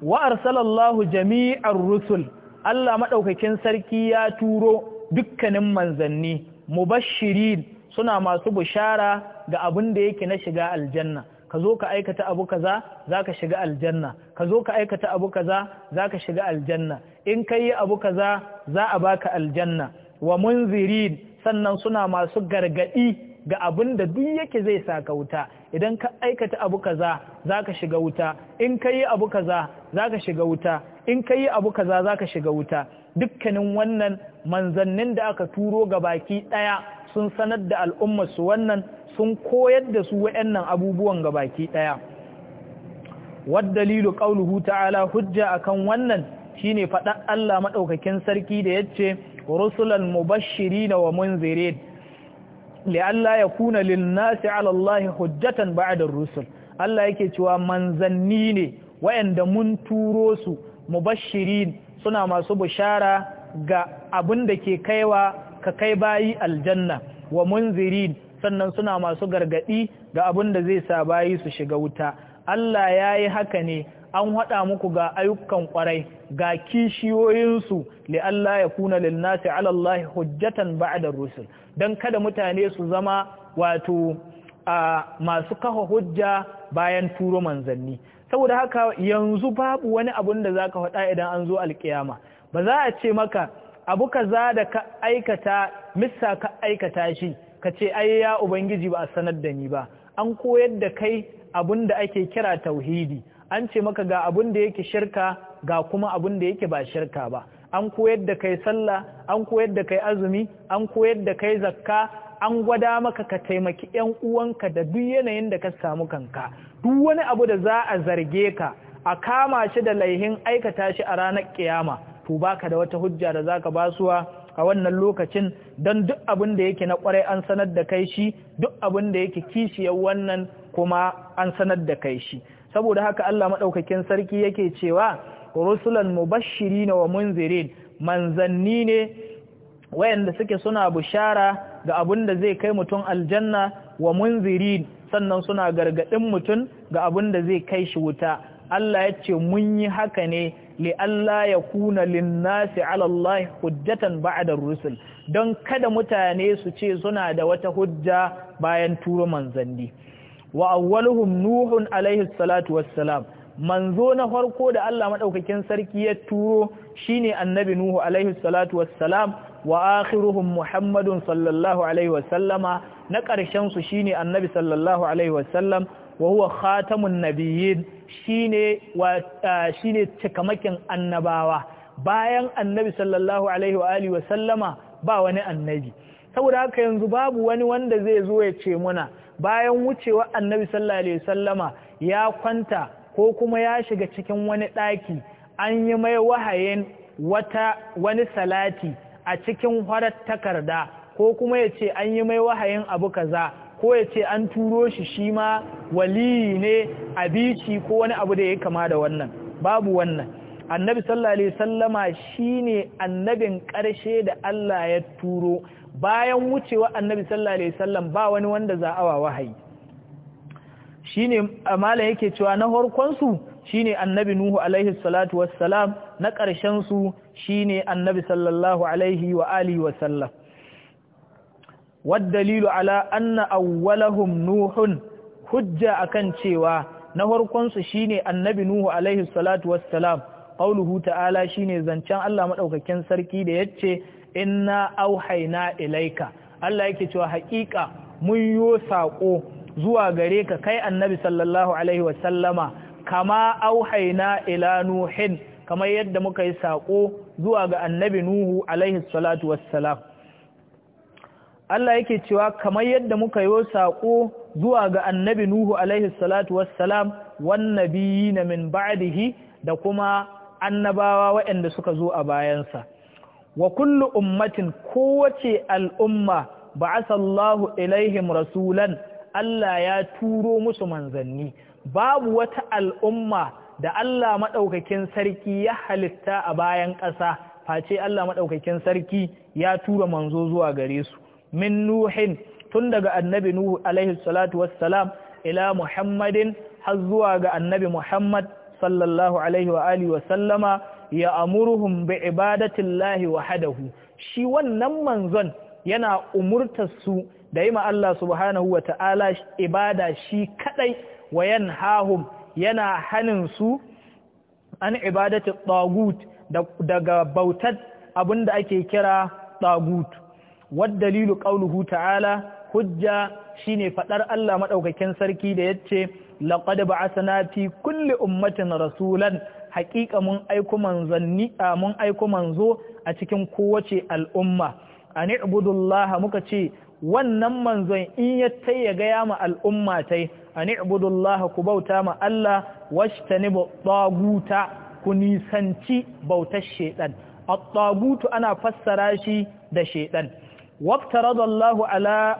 Speaker 1: wa arsalallahu jami'ar rusul Allah madaukakin sarki ya turo dukkanin manzanni mubashirin suna masu bushara ga abin da yake na shiga aljanna ka zo ka aikata abu kaza ka shiga aljanna ka zo ka aikata abu kaza zaka shiga aljanna in kai abu kaza za a baka aljanna wa munzirin sannan suna masu gargaɗi ga abin da duk yake zai saka wuta idan ka aikata abu kaza za ka shiga wuta in ka yi abu kaza za ka shiga wuta in ka yi abu kaza za ka shiga wuta dukkanin wannan manzannin da aka turo ga baki ɗaya sun sanar da al'umma su wannan sun koyar da su wa'annan abubuwan ga baki ɗaya dalilu qauluhu ta'ala hujja akan wannan shine faɗa Allah maɗaukakin sarki da yace rusulan mubashirina wa munzirin li'alla yakuna lin-nasi 'ala Allah hujjatan ba'da ar-rusul Allah yake cewa manzanni ne wayanda mun turo su mubashirin suna masu bushara ga abin da ke kaiwa ka kai bayi aljanna wa munzirin sannan suna masu gargadi ga abin da zai sa bayi su shiga wuta Allah yayi haka ne an haɗa muku ga ayyukan ƙwarai ga kishiyoyin su. li'alla ya kuna nasi 'ala Allah hujjatan ba'da ar-rusul dan kada mutane su zama wato masu kafa hujja bayan turo manzanni saboda haka yanzu babu wani abun da zaka faɗa idan an zo alkiyama ba za a ce maka abu kaza da ka aikata missa ka aikata shi ka ce ai ya ubangiji ba a sanar da ni ba an koyar da kai abun da ake kira tauhidi an ce maka ga abun da yake shirka ga kuma abun da yake ba shirka ba an koyar da kai sallah an koyar da kai azumi an koyar da kai zakka an gwada maka ka taimaki ƴan uwanka da duk yanayin da ka samu kanka duk wani abu da za a zarge ka a kama shi da laihin aikata shi a ranar kiyama to baka da wata hujja da zaka basuwa a wannan lokacin don duk abin da yake na kwarai an sanar da kai shi duk abin da yake kishiyar wannan kuma an sanar da kai shi saboda haka Allah maɗaukakin sarki yake cewa rusulan mubashirin wa munzirin manzanni ne wayanda suke suna bushara ga abin da zai kai mutum aljanna wa munzirin sannan suna gargadin mutum ga abin da zai kai shi wuta Allah ya ce mun yi haka ne li Allah ya kuna linnasi ala Allah hujjatan ba'da rusul don kada mutane su ce suna da wata hujja bayan turo manzanni wa awwaluhum nuhun alaihi salatu wassalam manzo na farko da Allah madaukakin sarki ya turo shine annabi nuhu alaihi salatu wassalam wa akhiruhum muhammadun sallallahu alaihi wasallama na karshen su shine annabi sallallahu alaihi wasallam wa huwa khatamun nabiyyin shine wa shine cikamakin annabawa bayan annabi sallallahu alaihi wa alihi wasallama ba wani annabi saboda haka yanzu babu wani wanda zai zo ya ce muna bayan wucewa annabi sallallahu alaihi sallama ya kwanta ko kuma ya shiga cikin wani ɗaki an yi mai wahayin wata wani salati a cikin farar takarda ko kuma ya ce an yi mai wahayin abu kaza ko ya ce an turo shi shi ma waliyi ne abici ko wani abu da ya kama da wannan babu wannan annabi sallallahu alaihi sallama shine annabin ƙarshe da Allah ya turo bayan wucewa annabi sallallahu alaihi wasallam ba wani wanda za awa wahayi shine amala yake cewa na horkon su shine annabi nuhu alaihi salatu wassalam na ƙarshen su shine annabi sallallahu alaihi wa alihi wasallam waddalilu ala anna awwalahum nuhun hujja akan cewa na horkon su shine annabi nuhu alaihi salatu wassalam qauluhu ta'ala shine zancen Allah madaukakin sarki da yace inna auhaina ilaika Allah yake cewa haƙiƙa mun yi saƙo zuwa gare ka kai annabi sallallahu alaihi wa sallama kama auhaina ila nuhin kamar yadda muka yi saƙo zuwa ga annabi nuhu alaihi salatu wassalam Allah yake cewa kamar yadda muka yi saƙo zuwa ga annabi nuhu alaihi salatu wassalam nabiyina min ba'dihi da kuma annabawa waɗanda suka zo a bayansa wa kullu ummatin kowace al'umma ba'asa Allahu ilaihim rasulan Allah ya turo musu manzanni babu wata al'umma da Allah maɗaukakin sarki ya halitta a bayan ƙasa face Allah maɗaukakin sarki ya tura manzo zuwa gare su min nuhin tun daga annabi nuhu alaihi salatu wassalam ila muhammadin har zuwa ga annabi muhammad sallallahu alaihi wa alihi wa sallama ya amuruhum bi ibadatillahi wahadahu. shi wannan manzon yana umurtar su da yi ma Allah subhanahu wa ta'ala ibada shi kadai wa hahum yana hanin su an ibadati tagut daga bautar abinda ake kira tagut wad dalilu qauluhu ta'ala hujja shine faɗar Allah maɗaukakin sarki da yace laqad ba'athna fi kulle ummatin rasulan haƙiƙa mun aiko manzanni mun aiko manzo a cikin kowace al'umma ani ibudullaha muka ce wannan manzon in ya tai ya gaya ma al'umma tai ani ibudullaha ku bauta ma Allah washtanibu taguta ku nisanci bautar shedan at-tagutu ana fassara shi da shedan waftaradallahu ala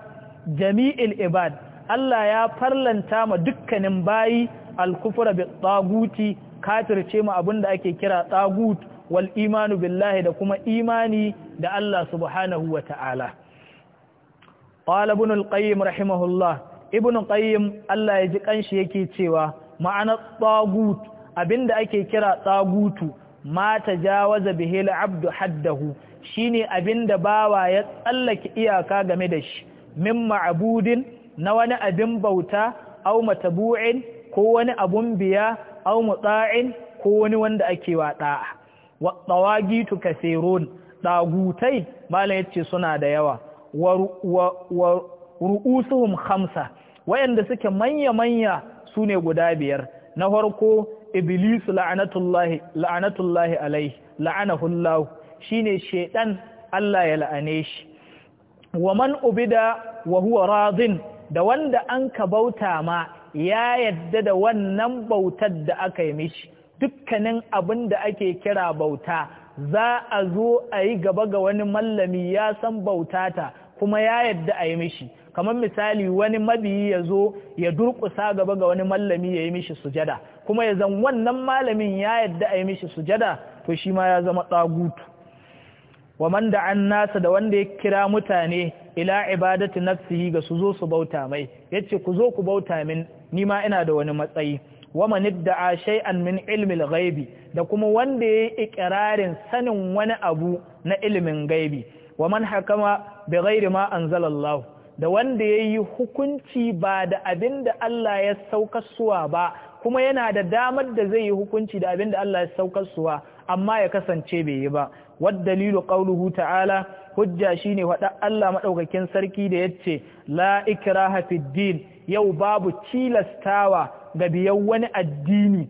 Speaker 1: jami'il ibad Allah ya farlanta ma dukkanin bayi al-kufra bi-taguti kafirce mu abin da ake kira tsagut wal imanu billahi da kuma imani da Allah subhanahu wa ta'ala. Ƙwala ibn al-Qayyim rahimahullah, ibn al-Qayyim Allah ya ji ƙanshi yake cewa ma'anar tsagut abinda ake kira tsagutu ma ta jawaza bihil abdu haddahu shine da bawa ya tsallake iyaka game da shi min ma'abudin na wani abin bauta au matabu'in ko wani abun biya aw muta'in ko wani wanda ake wa da'a wa tawagitu kaseerun dagutai mala yace suna da yawa wa ru'usuhum khamsa wayanda suke manya manya sune guda biyar na farko iblis la'anatullahi la'anatullahi Alayhi, la'anahu Allah shine shedan Allah ya la'ane shi wa man ubida wa huwa radin da wanda anka bauta ma ya yadda da wannan bautar da aka yi mishi dukkanin abin da ake kira bauta za a zo a yi gaba ga wani mallami ya san bautata kuma ya yadda a yi mishi kamar misali wani mabiyi ya zo ya durƙusa gaba ga wani mallami ya yi mishi sujada kuma ya zan wannan malamin ya yadda a yi mishi sujada to shi ma ya zama tsagutu wa man da nasa da wanda ya kira mutane ila ibadati nafsihi ga su zo su bauta mai yace ku zo ku bauta min nima ina da wani matsayi wa man idda'a shay'an min ilmi al-ghaibi da kuma wanda yayi ikrarin sanin wani abu na ilmin gaibi wa man hakama bi ghairi ma anzala Allah da wanda yayi hukunci ba da abinda Allah ya saukar suwa ba kuma yana da damar da zai yi hukunci da abinda Allah ya saukar suwa amma ya kasance bai yi ba wad dalilu qawluhu ta'ala hujja shine wada Allah madaukakin sarki da yace la ikraha fid din yau babu tilastawa ga biyan wani addini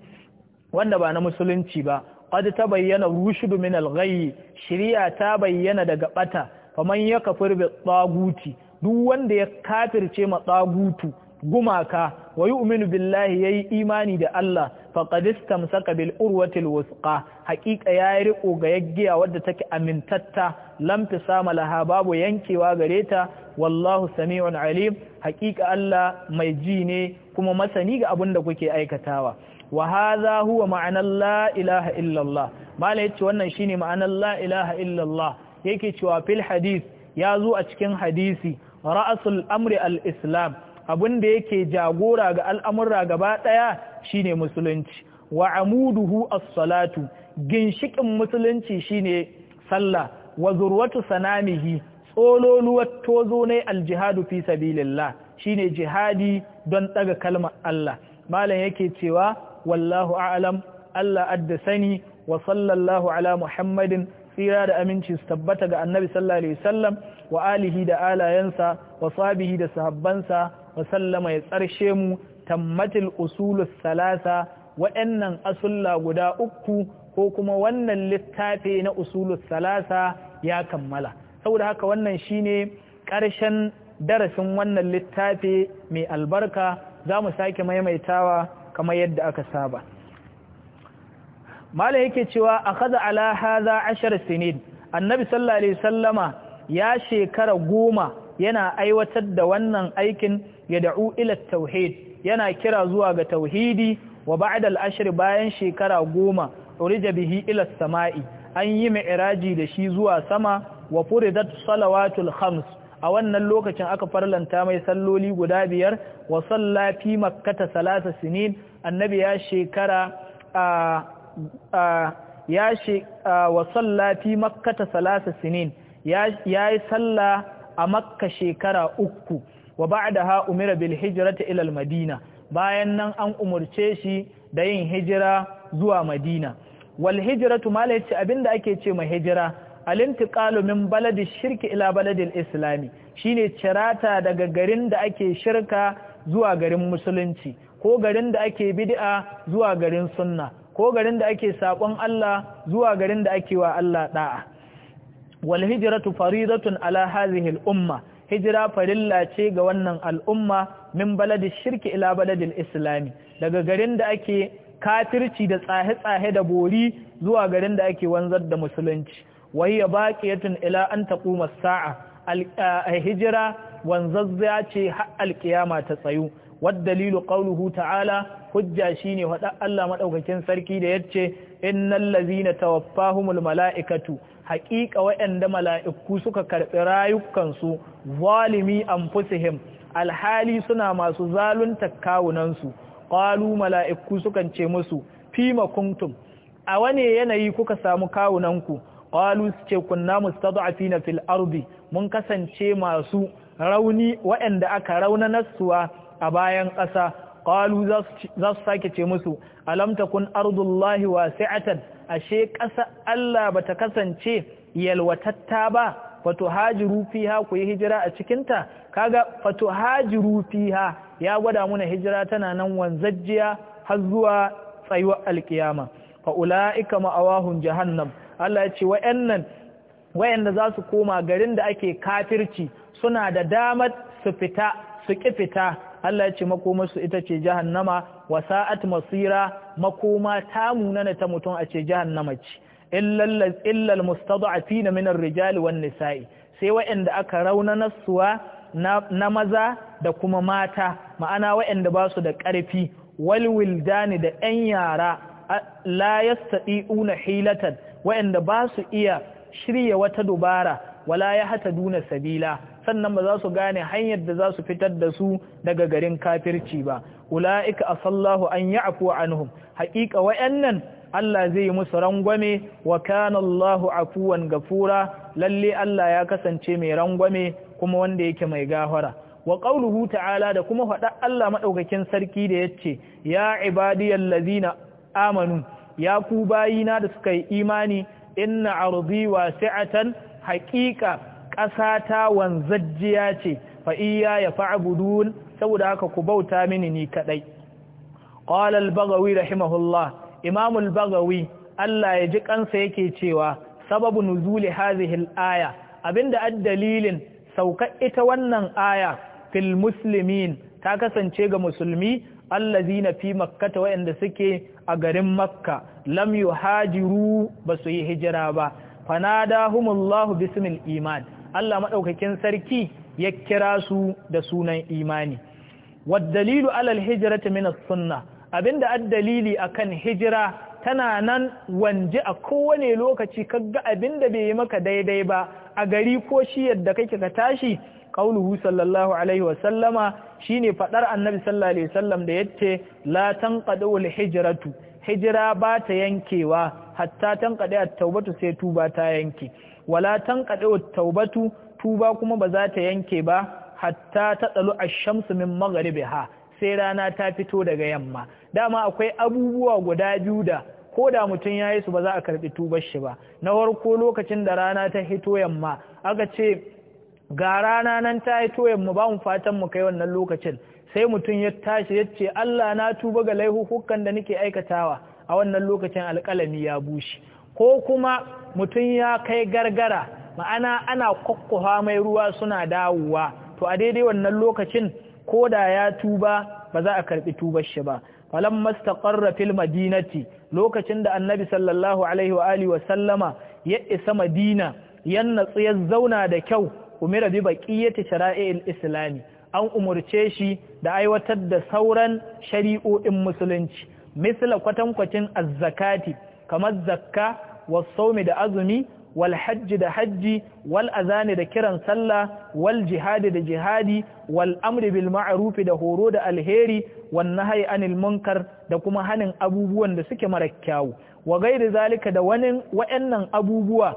Speaker 1: wanda ba na musulunci ba qad tabayyana rushdu min al-ghayy shari'a ta bayyana daga bata faman yakfur bi tsaguti duk wanda ya kafirce ma tsagutu gumaka wa yu'minu ya yi imani da Allah faqad istamsaka bil urwatil wusqa haqiqa yayi riko ga yaggiya wadda take amintatta lam tisama laha babu yankewa gareta wallahu sami'un alim haƙiƙa Allah mai ji ne kuma masani ga abin da kuke aikatawa wa hadha ma'anar la ilaha illa Allah mala yace wannan shine ma'anar la ilaha illa Allah yake cewa fil hadith ya zo a cikin hadisi ra'asul amri al-islam abin da yake jagora ga al'amurra gaba ɗaya shine musulunci wa amuduhu as-salatu ginshikin musulunci shine sallah wa zurwatu sanamihi tsololuwar tozo ne aljihadu fi sabilillah shine jihadi don ɗaga kalmar Allah malam yake cewa wallahu a'alam Allah addasani wa sallallahu ala muhammadin tsira da aminci su tabbata ga annabi sallallahu alaihi wasallam wa alihi da alayensa wa sabihi da sahabbansa wasallama ya tsarshe mu tammatil usulus salasa waɗannan asulla guda uku ko kuma wannan littafi na usulus salasa ya kammala saboda haka wannan shine ƙarshen darasin wannan littafi mai albarka za mu sake maimaitawa kamar yadda aka saba malam yake cewa akhadha ala hadha ashar sinin annabi sallallahu alaihi ya shekara goma yana aiwatar da wannan aikin yad'u ila tauhid yana kira zuwa ga tauhidi wa ba'da al-ashr bayan shekara goma urija bihi ila samai an yi mi'raji da shi zuwa sama wa furidat salawatul khams a wannan lokacin aka farlanta mai salloli guda biyar wa salla fi makkata salasa sinin annabi ya shekara a ya wa salla fi makkata salasa sinin ya yi salla a makka shekara uku wa ha umira bil hijrata ila al madina bayan nan an umurce shi da yin hijira zuwa madina wal hijratu mala yace abinda ake ce ma hijira al intiqalu min baladi shirki ila baladil islami shine cirata daga garin da ake shirka zuwa garin musulunci ko garin da ake bid'a zuwa garin sunna ko garin da ake sakon Allah zuwa garin da ake wa Allah da'a wal hijratu faridatun ala hadhihi al umma hijira farilla ce ga wannan al'umma min baladin shirki ila baladil islami daga garin da ake kafirci da tsahe-tsahe da bori zuwa garin da ake wanzar da musulunci ya baqiyatun ila an taquma sa'a eh, hijira wanzazziya ce har alkiyama ta tsayu wad dalilu qawluhu ta'ala hujja shine faɗa Allah maɗaukakin sarki da yace innal ladzina tawaffahumul malaikatu haƙiƙa waɗanda mala'iku suka karɓi rayukansu zalimi anfusihim alhali suna masu zalunta kawunansu qalu mala'iku sukan ce musu fima kuntum a wane yanayi kuka samu kawunanku qalu ce kunna mustad'afina fil ardi mun kasance masu rauni waɗanda aka nasuwa a bayan ƙasa qalu za sake ce musu alam takun ardullahi wasi'atan ashe kasa Allah bata kasance yalwatatta ba fatuhajiru fiha ku yi hijira a cikin ta kaga fatuhajiru fiha ya gwada muna hijira tana nan wanzajjiya har zuwa tsayuwar alkiyama fa ulaika ma'awahun jahannam Allah ya ce wayannan wayanda za su koma garin da ake kafirci suna da damar su fita su ƙi fita Allah ya ce makomarsu ita ce jahannama wa sa'at masira makoma ta munana ta mutum a ce jahannama ce illal mustada'afina min ar-rijal wan nisa'i sai waɗanda aka raunana suwa na maza da kuma mata ma'ana wayanda ba su da ƙarfi walwildani da yan yara la una hilatan waɗanda ba su iya shirya wata dubara wala ya hata duna sabila sannan ba za su gane hanyar da za su fitar da su daga garin kafirci ba ula'ika sallahu an yi ya'fu anhum haƙiƙa wayannan Allah zai yi musu rangwame wa kana Allahu afuwan gafura lalle Allah ya kasance mai rangwame kuma wanda yake mai gafara wa qauluhu ta'ala da kuma faɗa Allah madaukakin sarki da yace ya lazina amanu ya ku bayina da suka yi imani inna ardi wasi'atan haqiqa ƙasa ta wanzajjiya ce fa iya ya fa'budun saboda haka ku bauta mini ni kadai qala al rahimahullah imam al-baghawi Allah ya ji ƙansa yake cewa sababu nuzuli hazihil aya abinda ad-dalilin sauka ita wannan aya fil muslimin ta kasance ga musulmi allazina fi makkata waɗanda suke a garin makka lam yuhajiru basu yi hijira ba fanadahumullahu bismil iman Allah maɗaukakin sarki ya kira su da sunan imani wad dalilu alal hijrati min as-sunnah abinda adalili akan hijira tana nan wanje a kowane lokaci kaga abinda bai yi maka daidai ba a gari ko shi yadda kake ka tashi qauluhu sallallahu alaihi Wasallama, shine faɗar annabi sallallahu alaihi wasallam da yadda la tanqadu al hijira ba ta yankewa hatta tankaɗe at-taubatu sai tuba ta yanke wala tankaɗe at-taubatu tuba kuma ba za ta yanke ba hatta ta tsalu ash-shamsu min maghribiha sai rana ta fito daga yamma dama akwai abubuwa guda biyu da ko da mutum ya yi su ba za a karɓi tubar shi ba na farko lokacin da rana ta hito yamma aka ce ga rana nan ta hito yamma ba mu fatan mu kai wannan lokacin sai mutum ya tashi ya ce Allah na tuba ga laihuhukan da nake aikatawa a wannan lokacin alƙalami ya bushe ko kuma mutum ya kai gargara ma'ana ana kwakkuha mai ruwa suna dawowa to a daidai wannan lokacin ko da ya tuba ba za a karɓi tubar shi ba falan mastaqarra fil madinati lokacin da annabi sallallahu alaihi wa alihi wa sallama ya isa madina yan natsu ya zauna da kyau umira bi baqiyati shara'i'il islami an umurce shi da aiwatar da sauran shari'o'in musulunci misla kwatankwacin azzakati kamar zakka wasaumi da azumi wal hajji da hajji wal azani da kiran sallah wal jihadi da jihadi wal amri bil ma'ruf da horo da alheri wan nahyi anil munkar da kuma hanin abubuwan da suke mara kyawu wa gairi zalika da wani wayannan abubuwa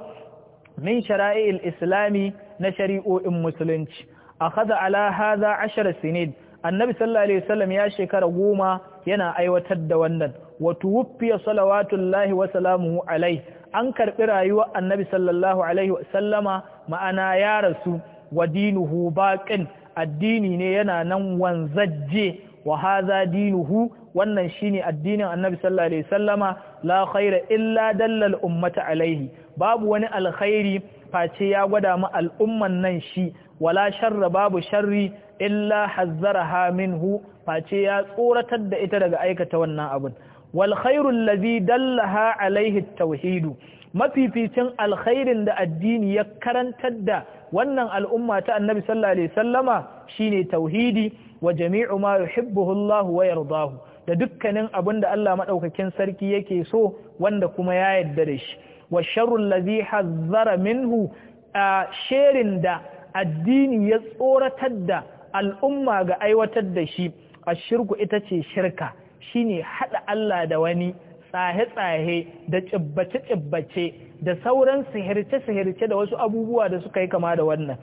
Speaker 1: min shara'i'il islami na shari'o'in musulunci akhadha ala hadha 10 sinin annabi sallallahu alaihi wasallam ya shekara goma yana aiwatar da wannan wa tuwfiya salawatullahi wa salamuhu alai an karbi rayuwar annabi sallallahu alaihi wasallama ma'ana ya rasu wa dinuhu baqin addini ne yana nan wanzajje wa hadha dinuhu wannan shine addinin annabi sallallahu alaihi wasallama la khaira illa dalla al ummata alaihi babu wani alkhairi face ya gwada mu al'umman nan shi wala sharra babu sharri illa hazzaraha minhu face ya tsoratar da ita daga aikata wannan abin wal khairul ladhi dallaha alaihi at-tauhid mafificin alkhairin da addini ya karantar da wannan al'umma ta annabi sallallahu alaihi shine tauhidi wa jami'u ma yuhibbuhu Allah wa yardahu da dukkanin abin da Allah madaukakin sarki yake so wanda kuma ya yarda da shi wa sharrul ladhi hazzara minhu a sherin da addini ya tsoratar da al'umma ga aiwatar da shi a shirku ita ce shirka shine haɗa Allah da wani tsahe-tsahe da cibbace-cibbace da sauran sihirce-sihirce da wasu abubuwa da suka yi kama da wannan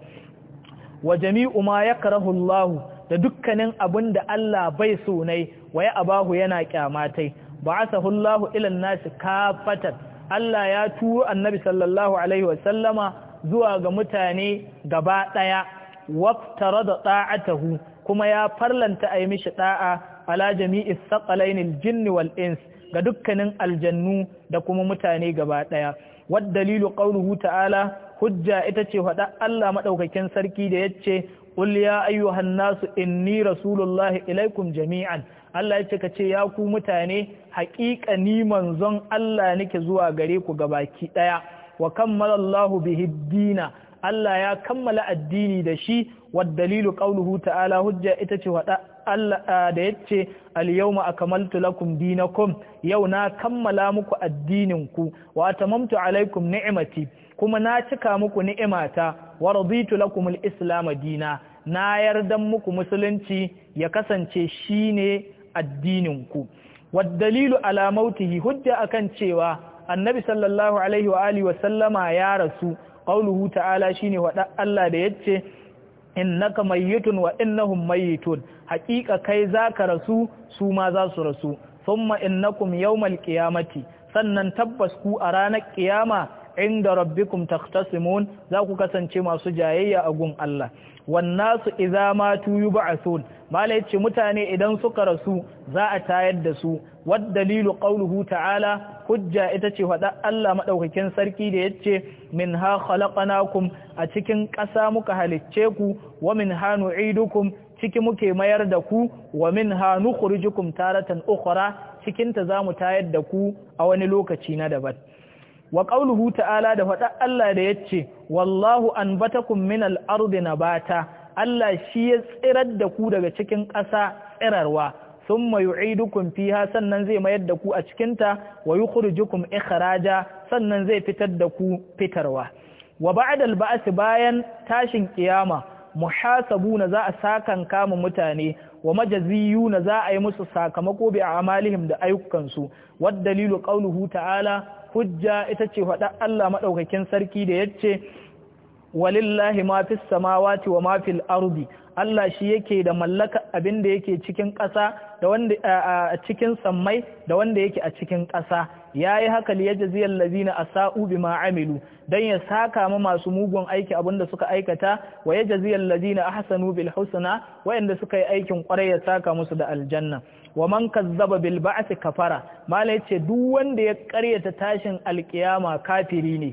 Speaker 1: wa jami'u ma ya karahullahu da dukkanin abin da Allah bai sunai waya abahu yana kyamatai ba a sahullahu ilan nasi kafatan Allah ya turo annabi sallallahu alaihi wasallama zuwa ga mutane gaba ɗaya waftara da ta'atahu kuma ya farlanta a yi mishi ɗa'a ala jami'i saƙalainin jinni wal ins ga dukkanin aljannu da kuma mutane gaba ɗaya wad dalilu qauluhu ta'ala hujja ita ce faɗa Allah maɗaukakin sarki da yace qul ya ayyuhan nasu inni rasulullahi ilaikum jami'an Allah ya ce ka ce ya ku mutane haƙiƙa ni manzon Allah nake zuwa gare ku gabaki ɗaya wa kammala Allahu bihi dina Allah ya kammala addini da shi waddalilu qauluhu ta'ala hujja ita ce wada Allah da yace al-yawma akmaltu lakum dinakum yau na kammala muku addinin ku wa atamamtu alaikum ni'mati kuma na cika muku ni'imata wa raditu lakum al-islam dina na yardan muku musulunci ya kasance shine addinin ku waddalilu ala mautihi hujja akan cewa annabi sallallahu alaihi wa alihi wa sallama ya rasu qauluhu ta'ala shine wada Allah da yace innaka mayyitun wa innahum mayyitun haqiqa kai zaka rasu su ma za su rasu thumma innakum yawmal qiyamati sannan tabbas ku a ranar kiyama inda rabbikum taqtasimun za ku kasance masu jayayya a gun Allah wannasu idza matu yub'athun malai mutane idan suka rasu za a tayar da su wad dalilu qawluhu ta'ala hujja ita ce fada Allah madaukakin sarki da yace minha khalaqnakum a cikin ƙasa muka halicce ku wa minha nu'idukum ciki muke mayar da ku wa minha nukhrijukum taratan ukhra cikin ta zamu tayar da ku a wani lokaci na daban wa qauluhu ta'ala da faɗa Allah da yace wallahu anbatakum min al-ardi bata Allah shi ya tsirar da ku daga cikin ƙasa tsirarwa thumma yu'idukum fiha sannan zai mayar da ku a cikin ta wa yukhrijukum ikhraja sannan zai fitar da ku fitarwa wa ba'adal ba'asi bayan tashin ƙiyama muhasabuna za a sakan kama mutane wa majaziyuna za a yi musu sakamako bi a'malihim da ayyukansu wadda dalilu qawluhu ta'ala hujja ita ce faɗa Allah maɗaukakin sarki da yace walillahi ma fis samawati wa ma fil ardi Allah shi yake da mallaka abin da yake cikin ƙasa da wanda a cikin sammai da wanda yake a cikin ƙasa yayi haka li yajziyal ladina asa'u bima amilu dan ya saka ma masu mugun aiki abin da suka aikata wa yajziyal ladina ahsanu bil husna wayanda suka yi aikin ƙwarai ya saka musu da aljanna wa man kazzaba bil ba'th kafara mala yace duk wanda ya karyata tashin alkiyama kafiri ne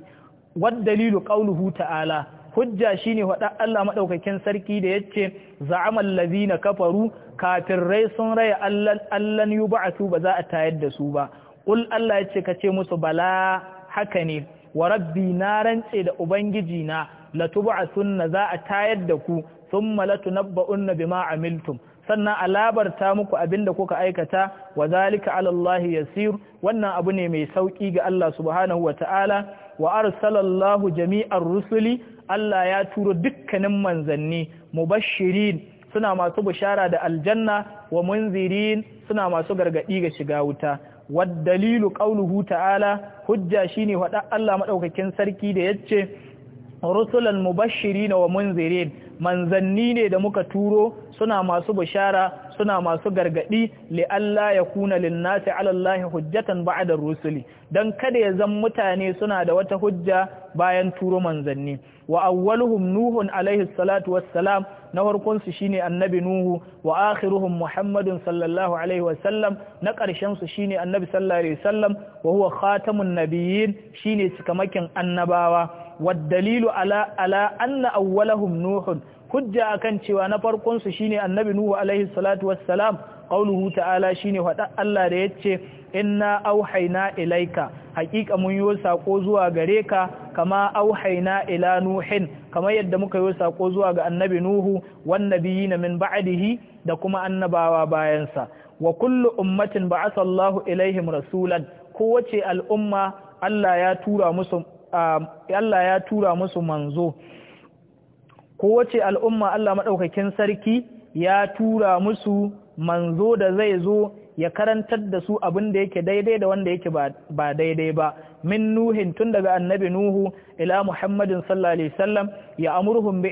Speaker 1: wad dalilu qawluhu ta'ala hujja shine wada Allah madaukakin sarki da yace za'amal ladina kafaru kafirai sun raya allan allan yub'athu ba za a tayar da su ba qul Allah yace kace musu bala haka ne wa rabbi na rantse da ubangiji na latub'athunna za a tayar da ku thumma latunabba'unna bima amiltum sannan a labarta muku abin da kuka aikata wa zalika ala Allah yasir wannan abu ne mai sauƙi ga Allah subhanahu wa ta'ala wa arsalallahu jami'ar rusuli Allah ya turo dukkanin manzanni mubashirin suna masu bishara da aljanna wa munzirin suna masu gargadi ga shiga wuta waddalilu qauluhu ta'ala hujja shine faɗa Allah madaukakin sarki da yace rusulan mubashirin wa munzirin manzanni ne da muka turo suna masu bishara suna masu gargadi li alla kuna linnasi ala allahi hujjatan ba'da rusuli dan kada ya zan mutane suna da wata hujja bayan turo manzanni wa awwaluhum nuhun alaihi salatu wassalam na farkon su shine annabi nuhu wa akhiruhum muhammadun sallallahu alaihi wasallam na karshen su shine annabi sallallahu alaihi wasallam wa huwa khatamun nabiyyin shine cikamakin annabawa wa dalilu ala ala anna awwalahum nuhun hujja akan cewa na farkon su shine annabi nuhu alaihi salatu wassalam qauluhu ta'ala shine wada Allah da yace inna auhayna ilaika haqiqa mun yi sako zuwa gare ka kama auhayna ila nuhin kamar yadda muka yi sako zuwa ga annabi nuhu wan nabiyina min ba'dihi da kuma annabawa bayansa wa kullu ummatin ba'atha Allahu ilaihim rasulan kowace al'umma Allah ya tura musu ah, Allah ya tura musu manzo kowace al'umma Allah maɗaukakin sarki ya tura musu manzo da zai zo ya karantar da su abin da yake daidai da wanda yake ba daidai ba min nuhin tun daga annabi nuhu ila muhammadin sallallahu ya amurhum bi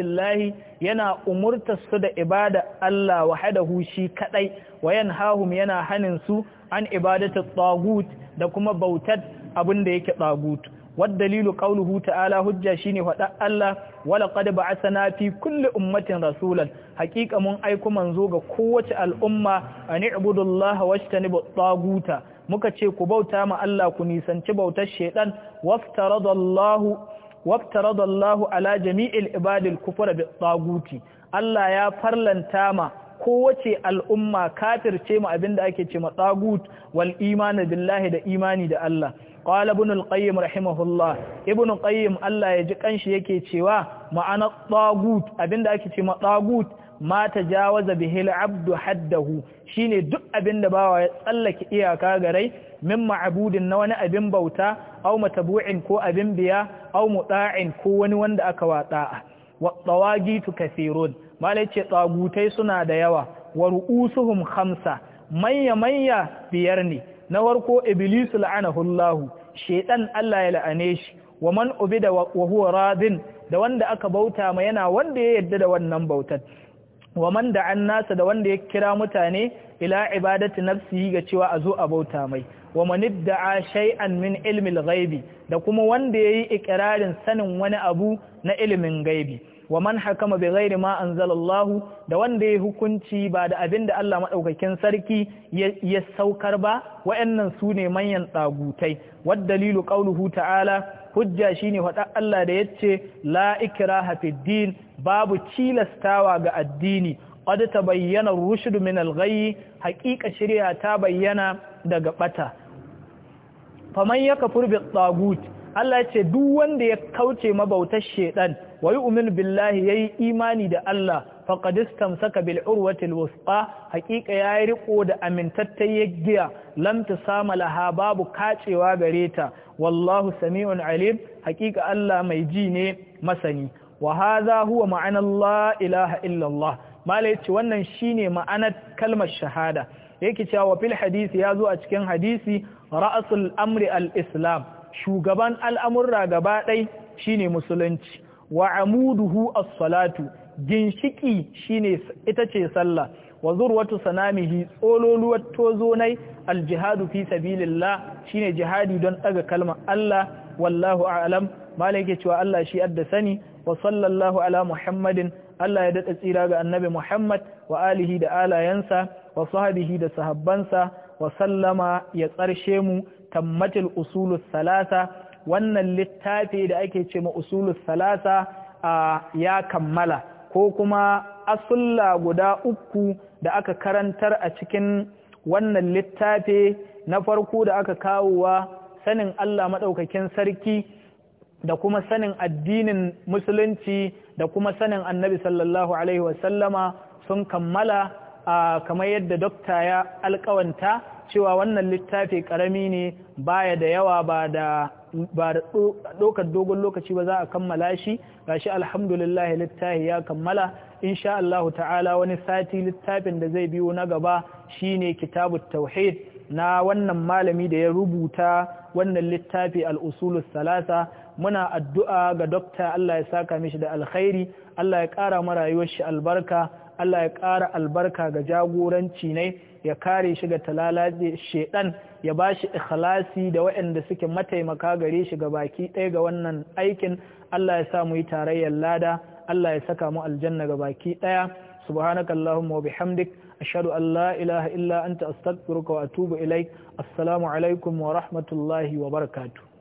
Speaker 1: lahi yana umurta su da ibada Allah wahada shi kadai wayan hahum yana hanin su an ibadati tsagut da kuma bautar abin da yake tsagutu. والدليل قوله تعالى هجة شيني فدا الله ولقد بعثنا في كل أمة رسولا حقيقة من أيكم منزوغ قوة الأمة أن اعبدوا الله واجتنبوا الطاغوت muka ce ku bauta ma Allah ku nisanci bautar shaitan waftaradallahu waftaradallahu ala jami'il ibadil kufra bi taguti Allah ya farlanta ma kowace al'umma kafirce mu abinda ake ce ma tagut wal imani billahi da imani da Allah قال ابن القيم رحمه الله ابن القيم الله يجي kanshi yake cewa ma'ana tagut abinda ake ce ma tagut ma tajawaza bihil abdu haddahu shine duk abinda bawa ya tsallake iyaka garai min ma'budin na wani abin bauta aw matabu'in ko abin biya aw muta'in ko wani wanda aka wata wa tawagitu kathirun malai ce tagutai suna da yawa wa ru'usuhum khamsa manya manya biyar ne na farko iblisu la'anahullahu shaitan Allah ya la'ane shi wa man ubida wa huwa radin da wanda aka bauta ma yana wanda ya yadda da wannan bautar wa man da annasa da wanda ya kira mutane ila ibadati nafsihi ga cewa a zo a bauta mai wa man idda'a shay'an min ilmi al-ghaibi da kuma wanda yayi ikrarin sanin wani abu na ilimin gaibi wa man hakama bi ghairi ma anzalallahu da wanda ya hukunci ba da abin da Allah madaukakin sarki ya saukar ba wayannan su ne manyan tsagutai wad dalilu qauluhu ta'ala hujja shine faɗa Allah da yace la ikraha fid din babu cilastawa ga addini qad tabayyana rushdu rushd min al-ghayy haqiqa shari'a ta bayyana daga bata faman yakfur bi tsagut Allah ce duk wanda ya kauce mabautar shedan wa yu'minu billahi yayi imani da Allah faqad istamsaka bil urwati al wusqa haqiqa yayi riko da amintattar giya lam tusama laha babu kacewa gare ta wallahu sami'un alim haqiqa Allah mai ji ne masani wa hadha huwa ma'ana la ilaha illa Allah malai ce wannan shine ma'anar kalmar shahada yake cewa fil hadisi yazo a cikin hadisi ra'sul amri al islam shugaban al'amurra gaba ɗai shine musulunci wa amuduhu as-salatu ginshiki shine ita ce sallah wa zurwatu sanamihi tsololuwar tozonai aljihadu fi sabilillah shine jihadi don daga kalmar Allah wallahu a'lam malai ke cewa Allah shi adda sani wa sallallahu ala muhammadin Allah ya dada tsira ga annabi Muhammad wa alihi da alayensa wa sahbihi da sahabbansa wa sallama ya tsarshe mu tammatil usulus salasa wannan littafi da ake ce ma usulus salasa ya kammala ko kuma asulla guda uku da aka karantar a cikin wannan littafi na farko da aka kawowa sanin Allah maɗaukakin sarki da kuma sanin addinin musulunci da kuma sanin annabi sallallahu alaihi wasallama sun kammala kamar yadda dokta ya alkawanta cewa wannan littafi karami ne baya da yawa ba da ɗaukar dogon lokaci ba za a kammala shi gashi alhamdulillah littafi ya kammala insha Allah ta'ala wani sati littafin da zai biyo na gaba shine kitabu tauhid na wannan malami da ya rubuta wannan littafi al-usulus salasa muna addu'a ga dokta Allah ya saka mishi da alkhairi Allah ya ƙara marayuwar shi albarka Allah ya ƙara albarka ga jagoranci ne ya kare shi ga talalaje shedan ya bashi ikhlasi da waɗanda suke mataimaka gare shi ga baki ɗaya ga wannan aikin Allah ya sa mu yi tarayyar lada Allah ya saka mu aljanna ga baki ɗaya subhanakallahumma wa bihamdik ashhadu an la ilaha illa anta astaghfiruka wa atubu ilaik assalamu alaikum wa rahmatullahi wa barakatuh